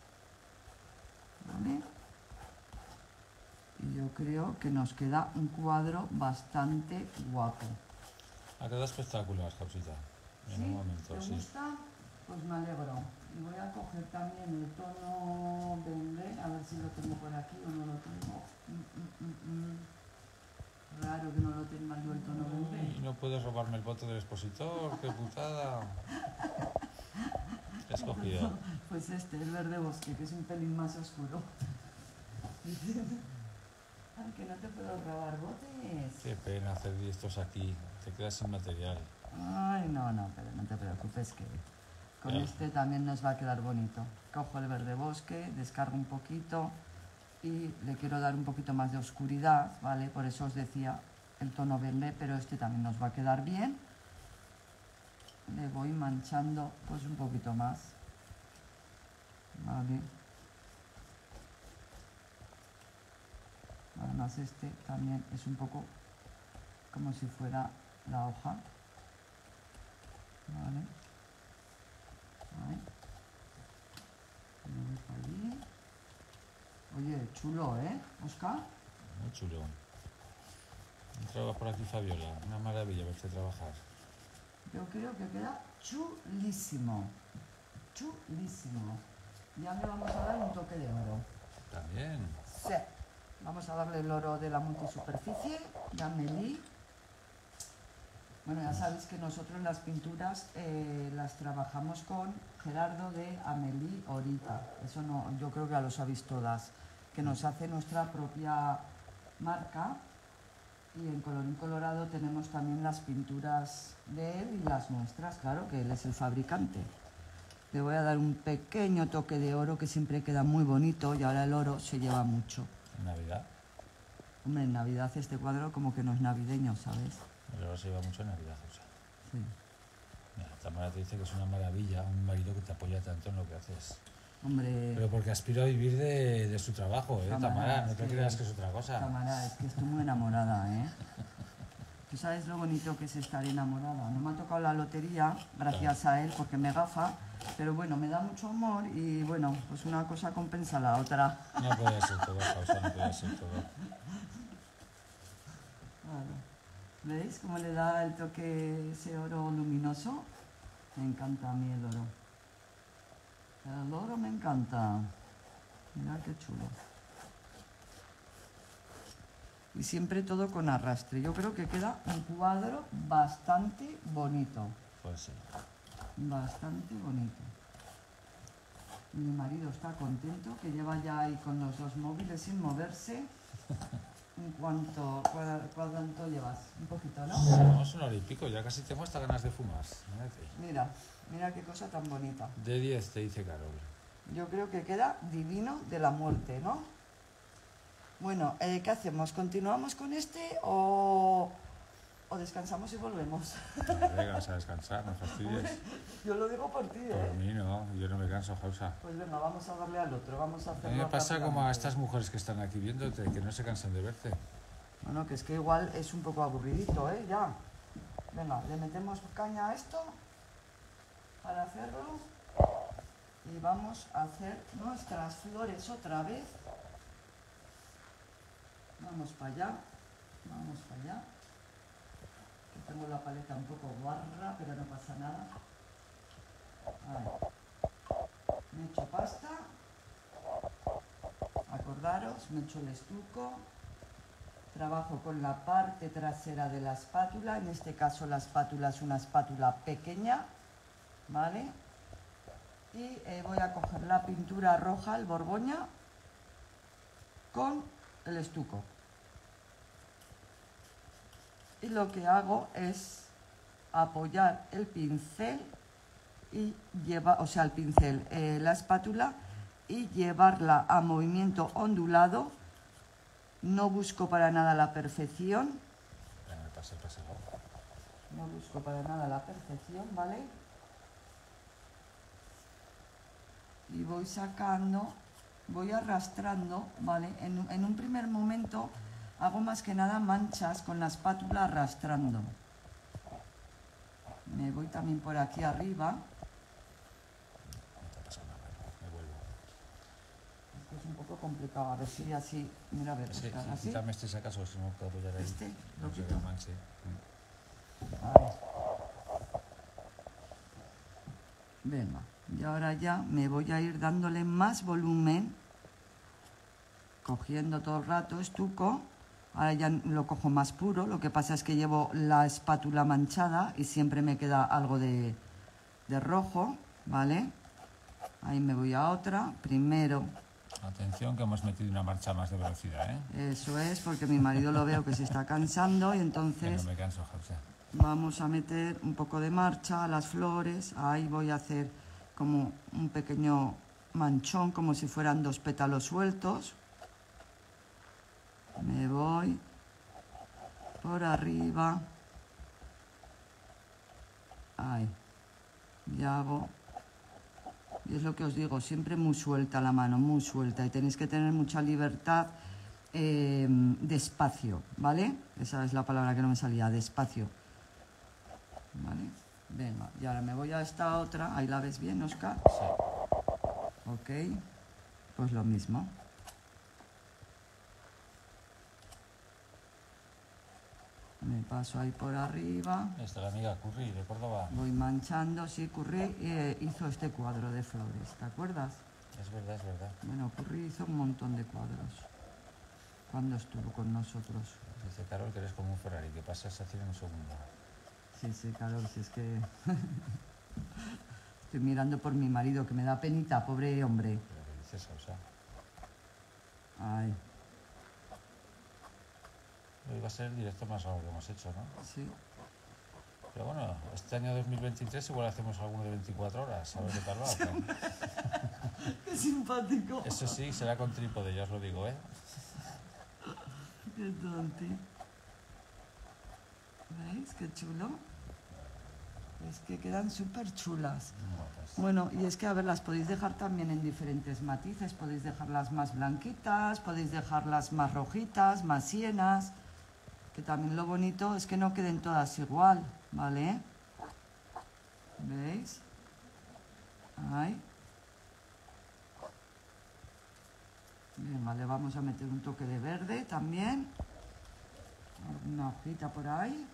[SPEAKER 2] Y yo creo que nos queda un cuadro bastante guapo.
[SPEAKER 1] Ha quedado espectacular, Jausita. En me un momento, gusta?
[SPEAKER 2] Pues me alegro. Y voy a coger también el tono verde, a ver si lo tengo por aquí o no lo tengo. Mm, mm, mm, Raro que no lo mal vuelto noviembre.
[SPEAKER 1] Mm, no puedes robarme el bote del expositor, qué putada. [LAUGHS] Escogido.
[SPEAKER 2] Pues este, el verde bosque, que es un pelín más oscuro. Aunque [LAUGHS] no te puedo robar botes.
[SPEAKER 1] Qué pena hacer estos aquí. Te quedas sin material.
[SPEAKER 2] Ay, no, no, pero no te preocupes que con este también nos va a quedar bonito. Cojo el verde bosque, descargo un poquito y le quiero dar un poquito más de oscuridad, ¿vale? Por eso os decía el tono verde, pero este también nos va a quedar bien. Le voy manchando pues un poquito más, ¿vale? Además este también es un poco como si fuera la hoja, ¿vale? Oye, chulo, ¿eh, Oscar?
[SPEAKER 1] Muy chulo. Entraba por aquí, Fabiola. Una maravilla verte trabajar.
[SPEAKER 2] Yo creo que queda chulísimo. Chulísimo. Ya le vamos a dar un toque de oro. También. Sí. Vamos a darle el oro de la multisuperficie, Dame li. Bueno, ya sabéis que nosotros las pinturas eh, las trabajamos con Gerardo de Amelie Orita. Eso no, yo creo que ya lo sabéis todas, que nos hace nuestra propia marca y en Colorín Colorado tenemos también las pinturas de él y las nuestras, claro, que él es el fabricante. Le voy a dar un pequeño toque de oro que siempre queda muy bonito y ahora el oro se lleva mucho. ¿En ¿Navidad? Hombre, en Navidad este cuadro como que no es navideño, ¿sabes?
[SPEAKER 1] Pero ahora se lleva mucho en Navidad, vida, Sí. Mira, Tamara te dice que es una maravilla un marido que te apoya tanto en lo que haces. Hombre. Pero porque aspiro a vivir de, su trabajo, ¿eh? Tamara, no te creas que es otra cosa. Tamara, es
[SPEAKER 2] que estoy muy enamorada, ¿eh? Tú sabes lo bonito que es estar enamorada. No me ha tocado la lotería, gracias a él, porque me gafa. Pero bueno, me da mucho amor y bueno, pues una cosa compensa la otra. No puede ser
[SPEAKER 1] todo, Pausa, no puede ser todo.
[SPEAKER 2] ¿Veis cómo le da el toque ese oro luminoso? Me encanta a mí el oro. El oro me encanta. Mirad qué chulo. Y siempre todo con arrastre. Yo creo que queda un cuadro bastante bonito. Pues sí. Bastante bonito. Mi marido está contento, que lleva ya ahí con los dos móviles sin moverse. [LAUGHS] ¿Cuánto, cuánto llevas? Un poquito, ¿no? es un
[SPEAKER 1] hora ya casi tengo hasta ganas de fumar.
[SPEAKER 2] Mira, mira qué cosa tan bonita.
[SPEAKER 1] De 10 te dice Carol.
[SPEAKER 2] Yo creo que queda divino de la muerte, ¿no? Bueno, eh, ¿qué hacemos? ¿Continuamos con este o...? o descansamos y volvemos. te
[SPEAKER 1] a a descansar, no [LAUGHS] fastidies.
[SPEAKER 2] Yo lo digo por ti, ¿eh? Por
[SPEAKER 1] mí no, yo no me canso, Jausa.
[SPEAKER 2] Pues venga, vamos a darle al otro, vamos a hacer... A me pasa como
[SPEAKER 1] a estas mujeres que están aquí viéndote, que no se cansan de verte.
[SPEAKER 2] Bueno, que es que igual es un poco aburridito, ¿eh? Ya. Venga, le metemos caña a esto para hacerlo y vamos a hacer nuestras flores otra vez. Vamos para allá, vamos para allá. Tengo la paleta un poco barra, pero no pasa nada. Me echo pasta. Acordaros, me echo el estuco. Trabajo con la parte trasera de la espátula. En este caso la espátula es una espátula pequeña. ¿Vale? Y eh, voy a coger la pintura roja, el borgoña, con el estuco y lo que hago es apoyar el pincel y lleva, o sea, el pincel, eh, la espátula y llevarla a movimiento ondulado. No busco para nada la perfección. No busco para nada la perfección, ¿vale? Y voy sacando, voy arrastrando, ¿vale? En, en un primer momento hago más que nada manchas con la espátula arrastrando. Me voy también por aquí arriba. Esto es un poco complicado, a ver si así, mira a ver, sí, así.
[SPEAKER 1] este si acaso, si no puedo apoyar ahí. Este, lo no Manche.
[SPEAKER 2] Venga, y ahora ya me voy a ir dándole más volumen cogiendo todo el rato estuco Ahora ya lo cojo más puro, lo que pasa es que llevo la espátula manchada y siempre me queda algo de, rojo, ¿vale? Ahí me voy a otra, primero.
[SPEAKER 1] Atención que hemos metido una marcha más de velocidad, ¿eh?
[SPEAKER 2] Eso es, porque mi marido lo veo que se está cansando y entonces... me canso, Vamos a meter un poco de marcha a las flores, ahí voy a hacer como un pequeño manchón, como si fueran dos pétalos sueltos, me voy por arriba ahí y hago y es lo que os digo siempre muy suelta la mano muy suelta y tenéis que tener mucha libertad em, despacio vale esa es la palabra que no me salía despacio vale venga y ahora me voy a esta otra ahí la ves bien Oscar sí. ok pues lo mismo Me paso ahí por arriba.
[SPEAKER 1] Esta es la amiga Curry de Córdoba. Voy
[SPEAKER 2] manchando, sí, Curry eh, hizo este cuadro de flores, ¿te acuerdas?
[SPEAKER 1] Es verdad, es verdad.
[SPEAKER 2] Bueno, Curry hizo un montón de cuadros. Cuando estuvo con nosotros?
[SPEAKER 1] Dice Carol que eres como un Ferrari, que pasas así en un segundo.
[SPEAKER 2] Sí, sí, Carol, si es que... [LAUGHS] Estoy mirando por mi marido, que me da penita, pobre hombre.
[SPEAKER 1] Ay, Hoy va a ser el directo más lo que hemos hecho, ¿no? Sí. Pero bueno, este año 2023 igual hacemos alguno de 24 horas, a ver qué tal va.
[SPEAKER 2] ¡Qué [LAUGHS] simpático! Eso sí,
[SPEAKER 1] será con trípode, ya os lo digo, ¿eh?
[SPEAKER 2] ¡Qué tonti! ¿Veis? ¡Qué chulo! Es que quedan súper chulas. Bueno, pues. y es que, a ver, las podéis dejar también en diferentes matices. Podéis dejarlas más blanquitas, podéis dejarlas más rojitas, más sienas que también lo bonito es que no queden todas igual, ¿vale? ¿Veis? Ahí. Bien, vale, vamos a meter un toque de verde también. Una hojita por ahí.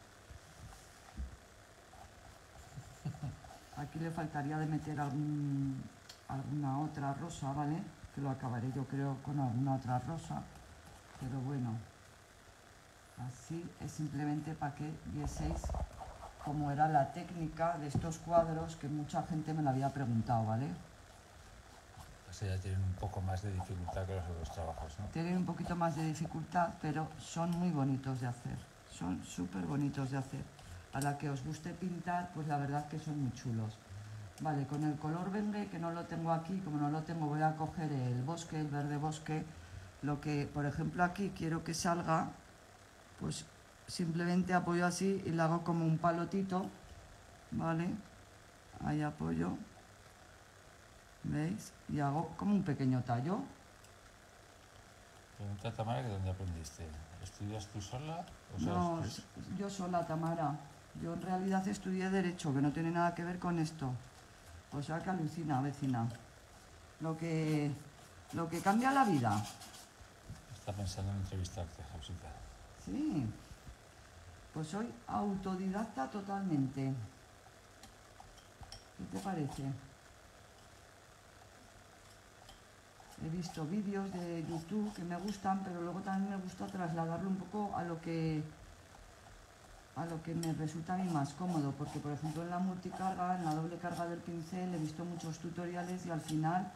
[SPEAKER 2] Aquí le faltaría de meter alguna otra rosa, ¿vale? Que lo acabaré yo creo con alguna otra rosa. Pero bueno, Así es simplemente para que vieseis cómo era la técnica de estos cuadros que mucha gente me lo había preguntado, ¿vale?
[SPEAKER 1] O sea, ya tienen un poco más de dificultad que los otros trabajos, ¿no? Tienen
[SPEAKER 2] un poquito más de dificultad, pero son muy bonitos de hacer.
[SPEAKER 1] Son súper bonitos
[SPEAKER 2] de hacer. A la que os guste pintar, pues la verdad que son muy chulos. Vale, con el color verde, que no lo tengo aquí, como no lo tengo, voy a coger el bosque, el verde bosque. Lo que, por ejemplo, aquí quiero que salga pues simplemente apoyo así y le hago como un palotito, ¿vale? Ahí apoyo, ¿veis? Y hago como un pequeño tallo.
[SPEAKER 1] Pregunta Tamara que dónde aprendiste. ¿Estudias tú sola? no,
[SPEAKER 2] yo sola, Tamara. Yo en realidad estudié Derecho, que no tiene nada que ver con esto. O sea que alucina, vecina. Lo que, lo que cambia la vida.
[SPEAKER 1] Está pensando en entrevistarte,
[SPEAKER 2] Sí. Pues soy autodidacta totalmente. ¿Qué te parece? He visto vídeos de YouTube que me gustan, pero luego también me gusta trasladarlo un poco a lo que a lo que me resulta a mí más cómodo, porque por ejemplo en la multicarga, en la doble carga del pincel, he visto muchos tutoriales y al final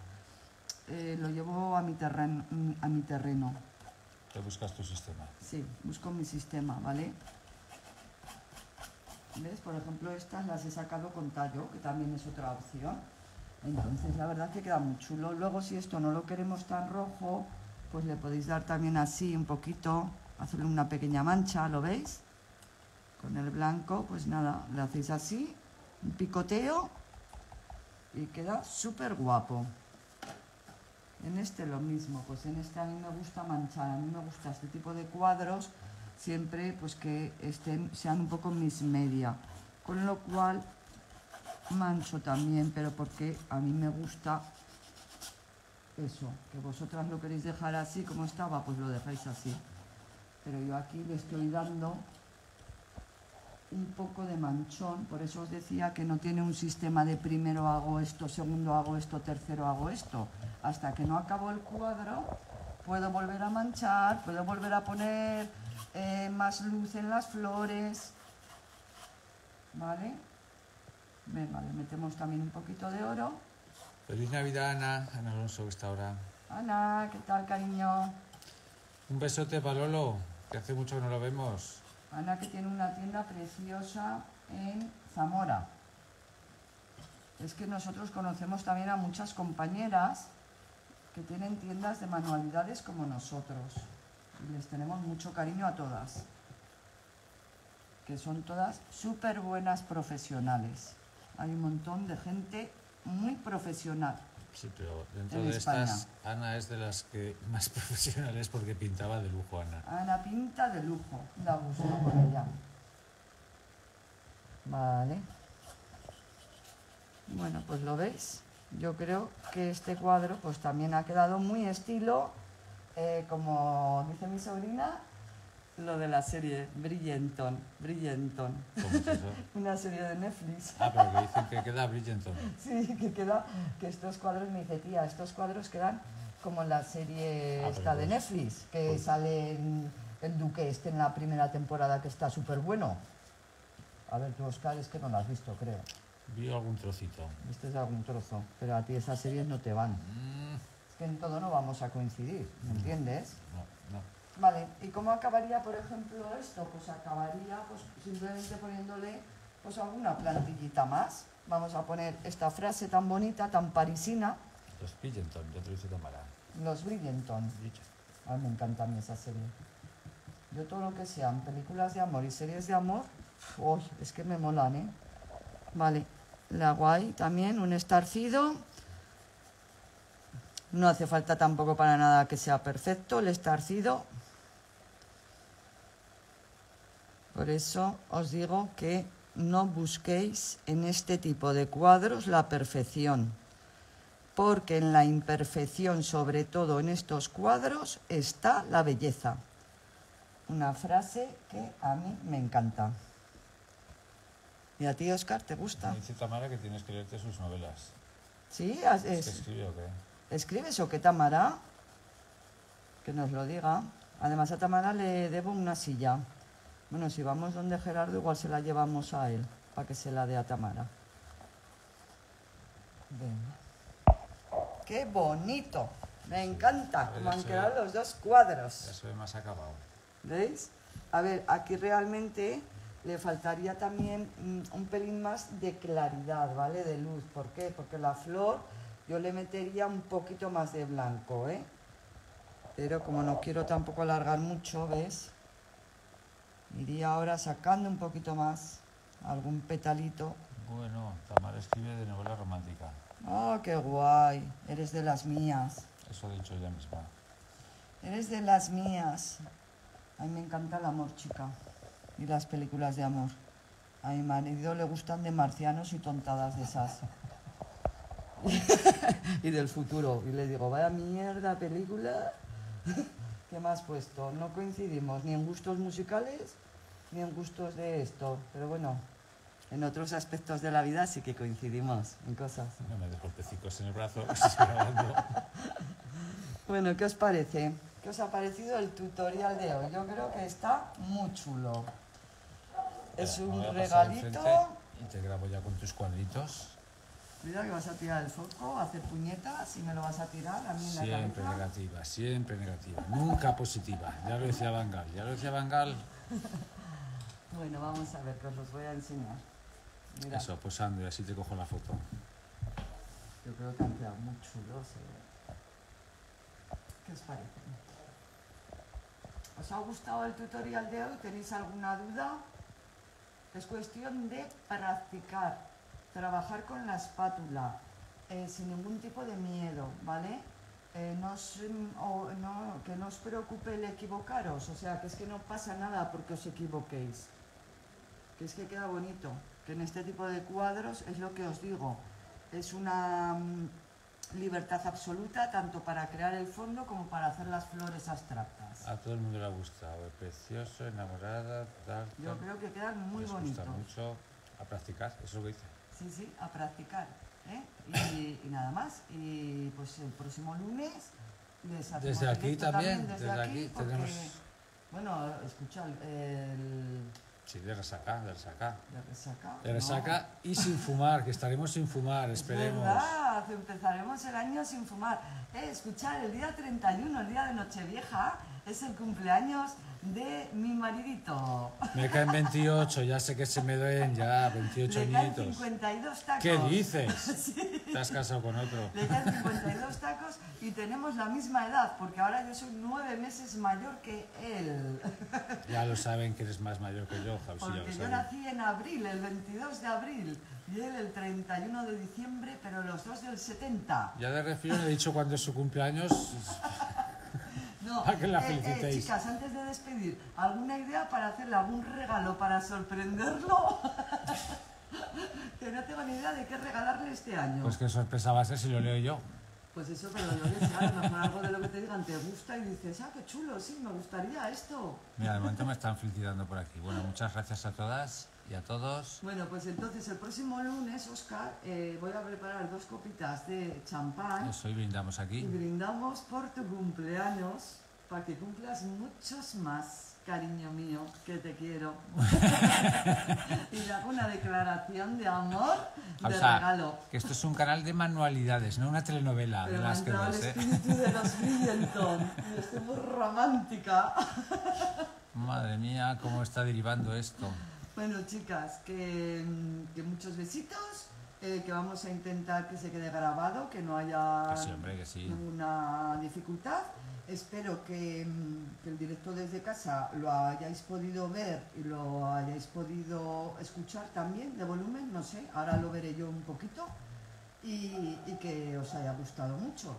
[SPEAKER 2] eh, lo llevo a mi terreno.
[SPEAKER 1] Te buscas tu sistema.
[SPEAKER 2] Sí, busco mi sistema, ¿vale? ¿Ves? Por ejemplo, estas las he sacado con tallo, que también es otra opción. Entonces, la verdad es que queda muy chulo. Luego, si esto no lo queremos tan rojo, pues le podéis dar también así un poquito, hacerle una pequeña mancha, ¿lo veis? Con el blanco, pues nada, le hacéis así, un picoteo y queda súper guapo. En este lo mismo, pues en este a mí me gusta manchar, a mí me gusta este tipo de cuadros, siempre pues que estén, sean un poco mis media. Con lo cual mancho también, pero porque a mí me gusta eso, que vosotras lo queréis dejar así como estaba, pues lo dejáis así. Pero yo aquí le estoy dando un poco de manchón, por eso os decía que no tiene un sistema de primero hago esto, segundo hago esto, tercero hago esto. Hasta que no acabo el cuadro, puedo volver a manchar, puedo volver a poner eh, más luz en las flores, ¿vale?
[SPEAKER 1] Venga, le metemos también un poquito de oro. Feliz Navidad, Ana, Ana Alonso, está ahora.
[SPEAKER 2] Ana, ¿qué tal, cariño?
[SPEAKER 1] Un besote para Lolo, que hace mucho que no lo vemos.
[SPEAKER 2] Ana que tiene una tienda preciosa en Zamora. Es que nosotros conocemos también a muchas compañeras que tienen tiendas de manualidades como nosotros. Y les tenemos mucho cariño a todas. Que son todas súper buenas profesionales. Hay un montón de gente muy profesional.
[SPEAKER 1] Sí, pero dentro de estas, Ana es de las que [LAUGHS] más profesionales porque pintaba de lujo, Ana.
[SPEAKER 2] Ana pinta de lujo, da gusto con ella. Vale. Bueno, pues lo veis. Yo creo que este cuadro pues también ha quedado muy estilo, eh, como dice mi sobrina, lo de la serie Brillenton. Brillenton. [LAUGHS] Una serie de Netflix. Ah,
[SPEAKER 1] pero que dicen que queda Brillenton.
[SPEAKER 2] [LAUGHS] Sí, que queda, que estos cuadros, me dice, tía, estos cuadros quedan como la serie ah, esta pues de Netflix, que pues sale en, el Duque este en la primera temporada, que está súper bueno. A ver, tú, Oscar, es que no lo has visto, creo.
[SPEAKER 1] Vi algún trocito.
[SPEAKER 2] Viste es algún trozo, pero a ti esas series no te van. Mm. Es que en todo no vamos a coincidir, ¿me mm. entiendes? No, no. Vale, ¿y cómo acabaría, por ejemplo, esto? Pues acabaría pues, simplemente poniéndole pues, alguna plantillita más. Vamos a poner esta frase tan bonita, tan parisina.
[SPEAKER 1] Los Bridgerton, yo te lo hice Tamara.
[SPEAKER 2] Los A mí me encanta a mí esa serie. Yo todo lo que sean películas de amor y series de amor, uy, es que me molan, ¿eh? Vale, la guay también, un estarcido. No hace falta tampoco para nada que sea perfecto el estarcido. Por eso os digo que no busquéis en este tipo de cuadros la perfección, porque en la imperfección, sobre todo en estos cuadros, está la belleza. Una frase que a mí me encanta.
[SPEAKER 1] ¿Y a ti, Oscar, te gusta? dice Tamara que tienes que leerte sus novelas. ¿Sí? ¿Escribe o qué?
[SPEAKER 2] ¿Escribes o qué, Tamara? Que nos lo diga. Además, a Tamara le debo una silla. Bueno, si vamos donde Gerardo, igual se la llevamos a él, para que se la dé a Tamara. Venga. ¡Qué bonito! Me encanta cómo han quedado los dos cuadros. Eso es más acabado. ¿Veis? A ver, aquí realmente le faltaría también mm, un pelín más de claridad, ¿vale? De luz. ¿Por qué? Porque la flor yo le metería un poquito más de blanco, ¿eh? Pero como no quiero tampoco alargar mucho, ¿ves? Iría ahora sacando un poquito más algún petalito.
[SPEAKER 1] Bueno, Tamara escribe de novela romántica.
[SPEAKER 2] Oh, qué guay. Eres de las mías.
[SPEAKER 1] Eso he dicho ella misma.
[SPEAKER 2] Eres de las mías. A mí me encanta el amor, chica. Y las películas de amor. A mi marido le gustan de marcianos y tontadas de esas. [LAUGHS] y del futuro. Y le digo, vaya mierda película. [LAUGHS] ¿Qué más puesto? No coincidimos ni en gustos musicales ni en gustos de esto, pero bueno, en otros aspectos de la vida sí que coincidimos en cosas. No me en el brazo, [LAUGHS] Bueno, ¿qué os parece? ¿Qué os ha parecido el tutorial de hoy? Yo creo que está muy chulo.
[SPEAKER 1] es un regalito. Y te grabo ya con tus cuadritos.
[SPEAKER 2] Cuidado que vas a tirar el foco, hacer puñetas y me lo vas a tirar a mí en Siempre
[SPEAKER 1] negativa, siempre negativa, nunca positiva. Ya lo decía Bangal, ya lo decía Bangal.
[SPEAKER 2] [LAUGHS] bueno, vamos a ver, que os los voy a enseñar.
[SPEAKER 1] Eso, pues y así te cojo la foto.
[SPEAKER 2] Yo creo que han quedado muy chulos. Eh. ¿Qué os parece? ¿Os ha gustado el tutorial de hoy? ¿Tenéis alguna duda? Es cuestión de practicar. Trabajar con la espátula, eh, sin ningún tipo de miedo, ¿vale? Eh, que no os preocupe el equivocaros, o sea, que es que no pasa nada porque os equivoquéis. Que es que queda bonito, que en este tipo de cuadros es lo que os digo, es una mm, libertad absoluta tanto para crear el fondo como para hacer las flores abstractas.
[SPEAKER 1] A todo el mundo le ha gustado, precioso, enamorada, tal. Yo creo que quedan muy bonitos. mucho a practicar, eso es lo que dice.
[SPEAKER 2] Sí, sí, a practicar. ¿eh? Y, nada más. Y pues el próximo lunes Desde aquí también, desde, aquí, tenemos... Bueno, escucha,
[SPEAKER 1] el... Sí, de resaca, de resaca. De resaca. y sin fumar, que estaremos sin fumar, esperemos.
[SPEAKER 2] empezaremos el año sin fumar. Eh, escuchar, el día 31, el día de Nochevieja, es el cumpleaños de mi maridito. Me caen
[SPEAKER 1] 28, ya sé que se me duelen ya 28 Le caen
[SPEAKER 2] 52 tacos. ¿Qué dices? [LAUGHS] Sí. Te has casado
[SPEAKER 1] con otro. Le
[SPEAKER 2] caen 52 tacos y tenemos la misma edad, porque ahora yo soy nueve meses mayor que él.
[SPEAKER 1] Ya lo saben que eres más mayor que yo, Javi. Porque yo nací
[SPEAKER 2] en abril, el 22 de abril, y él el 31 de diciembre, pero los dos del 70.
[SPEAKER 1] Ya de refiero, le he dicho cuando es su cumpleaños. [LAUGHS]
[SPEAKER 2] No, ah, que la eh, eh chicas, antes de despedir, ¿alguna idea para hacerle algún regalo para sorprenderlo? [LAUGHS] que no tengo ni idea de qué regalarle este año. Pues
[SPEAKER 1] que sorpresa va a ser si lo leo yo.
[SPEAKER 2] Pues eso, pero lo lees, a lo mejor algo de lo que te digan te gusta y dices, ah, qué chulo, sí, me gustaría esto.
[SPEAKER 1] Mira, de momento me están felicitando por aquí. Bueno, muchas gracias a todas a todos. Bueno, pues entonces el próximo lunes,
[SPEAKER 2] Oscar, eh, voy a preparar dos copitas de champán. Nos pues
[SPEAKER 1] hoy brindamos aquí. Y
[SPEAKER 2] brindamos por tu cumpleaños, para que cumplas muchos más, cariño mío, que te quiero. [LAUGHS] y hago una declaración de amor,
[SPEAKER 1] de regalo. Que esto es un canal de manualidades, no una telenovela de las que ves, el ¿eh? espíritu
[SPEAKER 2] de los Estoy muy romántica.
[SPEAKER 1] Madre mía, cómo está derivando esto.
[SPEAKER 2] Bueno, chicas, que, mm, muchos besitos, eh, que vamos a intentar que se quede grabado, que no haya ah, ninguna dificultad. Espero que, mm, el directo desde casa lo hayáis podido ver y lo hayáis podido escuchar también de volumen, no sé, ahora lo veré yo un poquito y que os haya gustado mucho.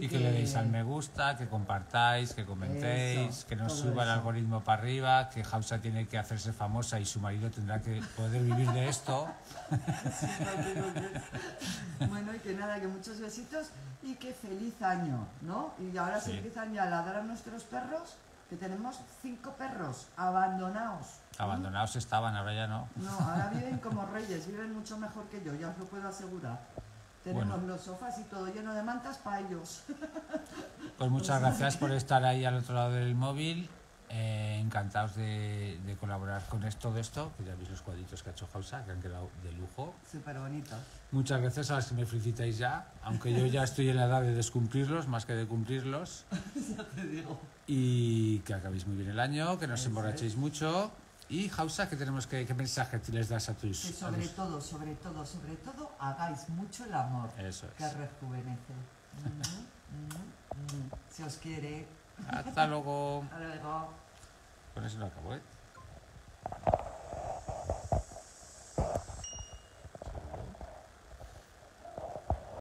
[SPEAKER 2] Y, que, le deis al me
[SPEAKER 1] gusta, que compartáis, que comentéis, que nos suba el algoritmo para arriba, que Hausa tiene que hacerse famosa y su marido tendrá que poder vivir de esto.
[SPEAKER 2] bueno, y que nada, que muchos besitos y que feliz año, ¿no? Y ahora se empiezan ya a ladrar a nuestros perros, que tenemos cinco perros abandonados.
[SPEAKER 1] Abandonados estaban, ahora ya no. No, ahora viven
[SPEAKER 2] como reyes, viven mucho mejor que yo, ya os lo puedo asegurar. Tenemos los sofás y todo lleno de mantas para ellos. [LAUGHS]
[SPEAKER 1] Pues muchas gracias por estar ahí al otro lado del móvil. Eh, encantados de, colaborar con esto, de esto, que ya veis los cuadritos que ha hecho Jausa, que han quedado de lujo. Súper bonitos. Muchas gracias a las que me felicitáis ya, aunque yo ya estoy en la edad de descumplirlos más que de cumplirlos.
[SPEAKER 2] [LAUGHS] ya te digo.
[SPEAKER 1] Y que acabéis muy bien el año, que no os emborrachéis mucho. Y Hausa, ¿qué, mensaje les das a tus... Que sobre
[SPEAKER 2] todo, sobre todo, sobre todo, hagáis mucho el amor Eso es. que rejuvenece.
[SPEAKER 1] Se si os quiere. Hasta luego. Hasta luego. Con eso no acabo, ¿eh?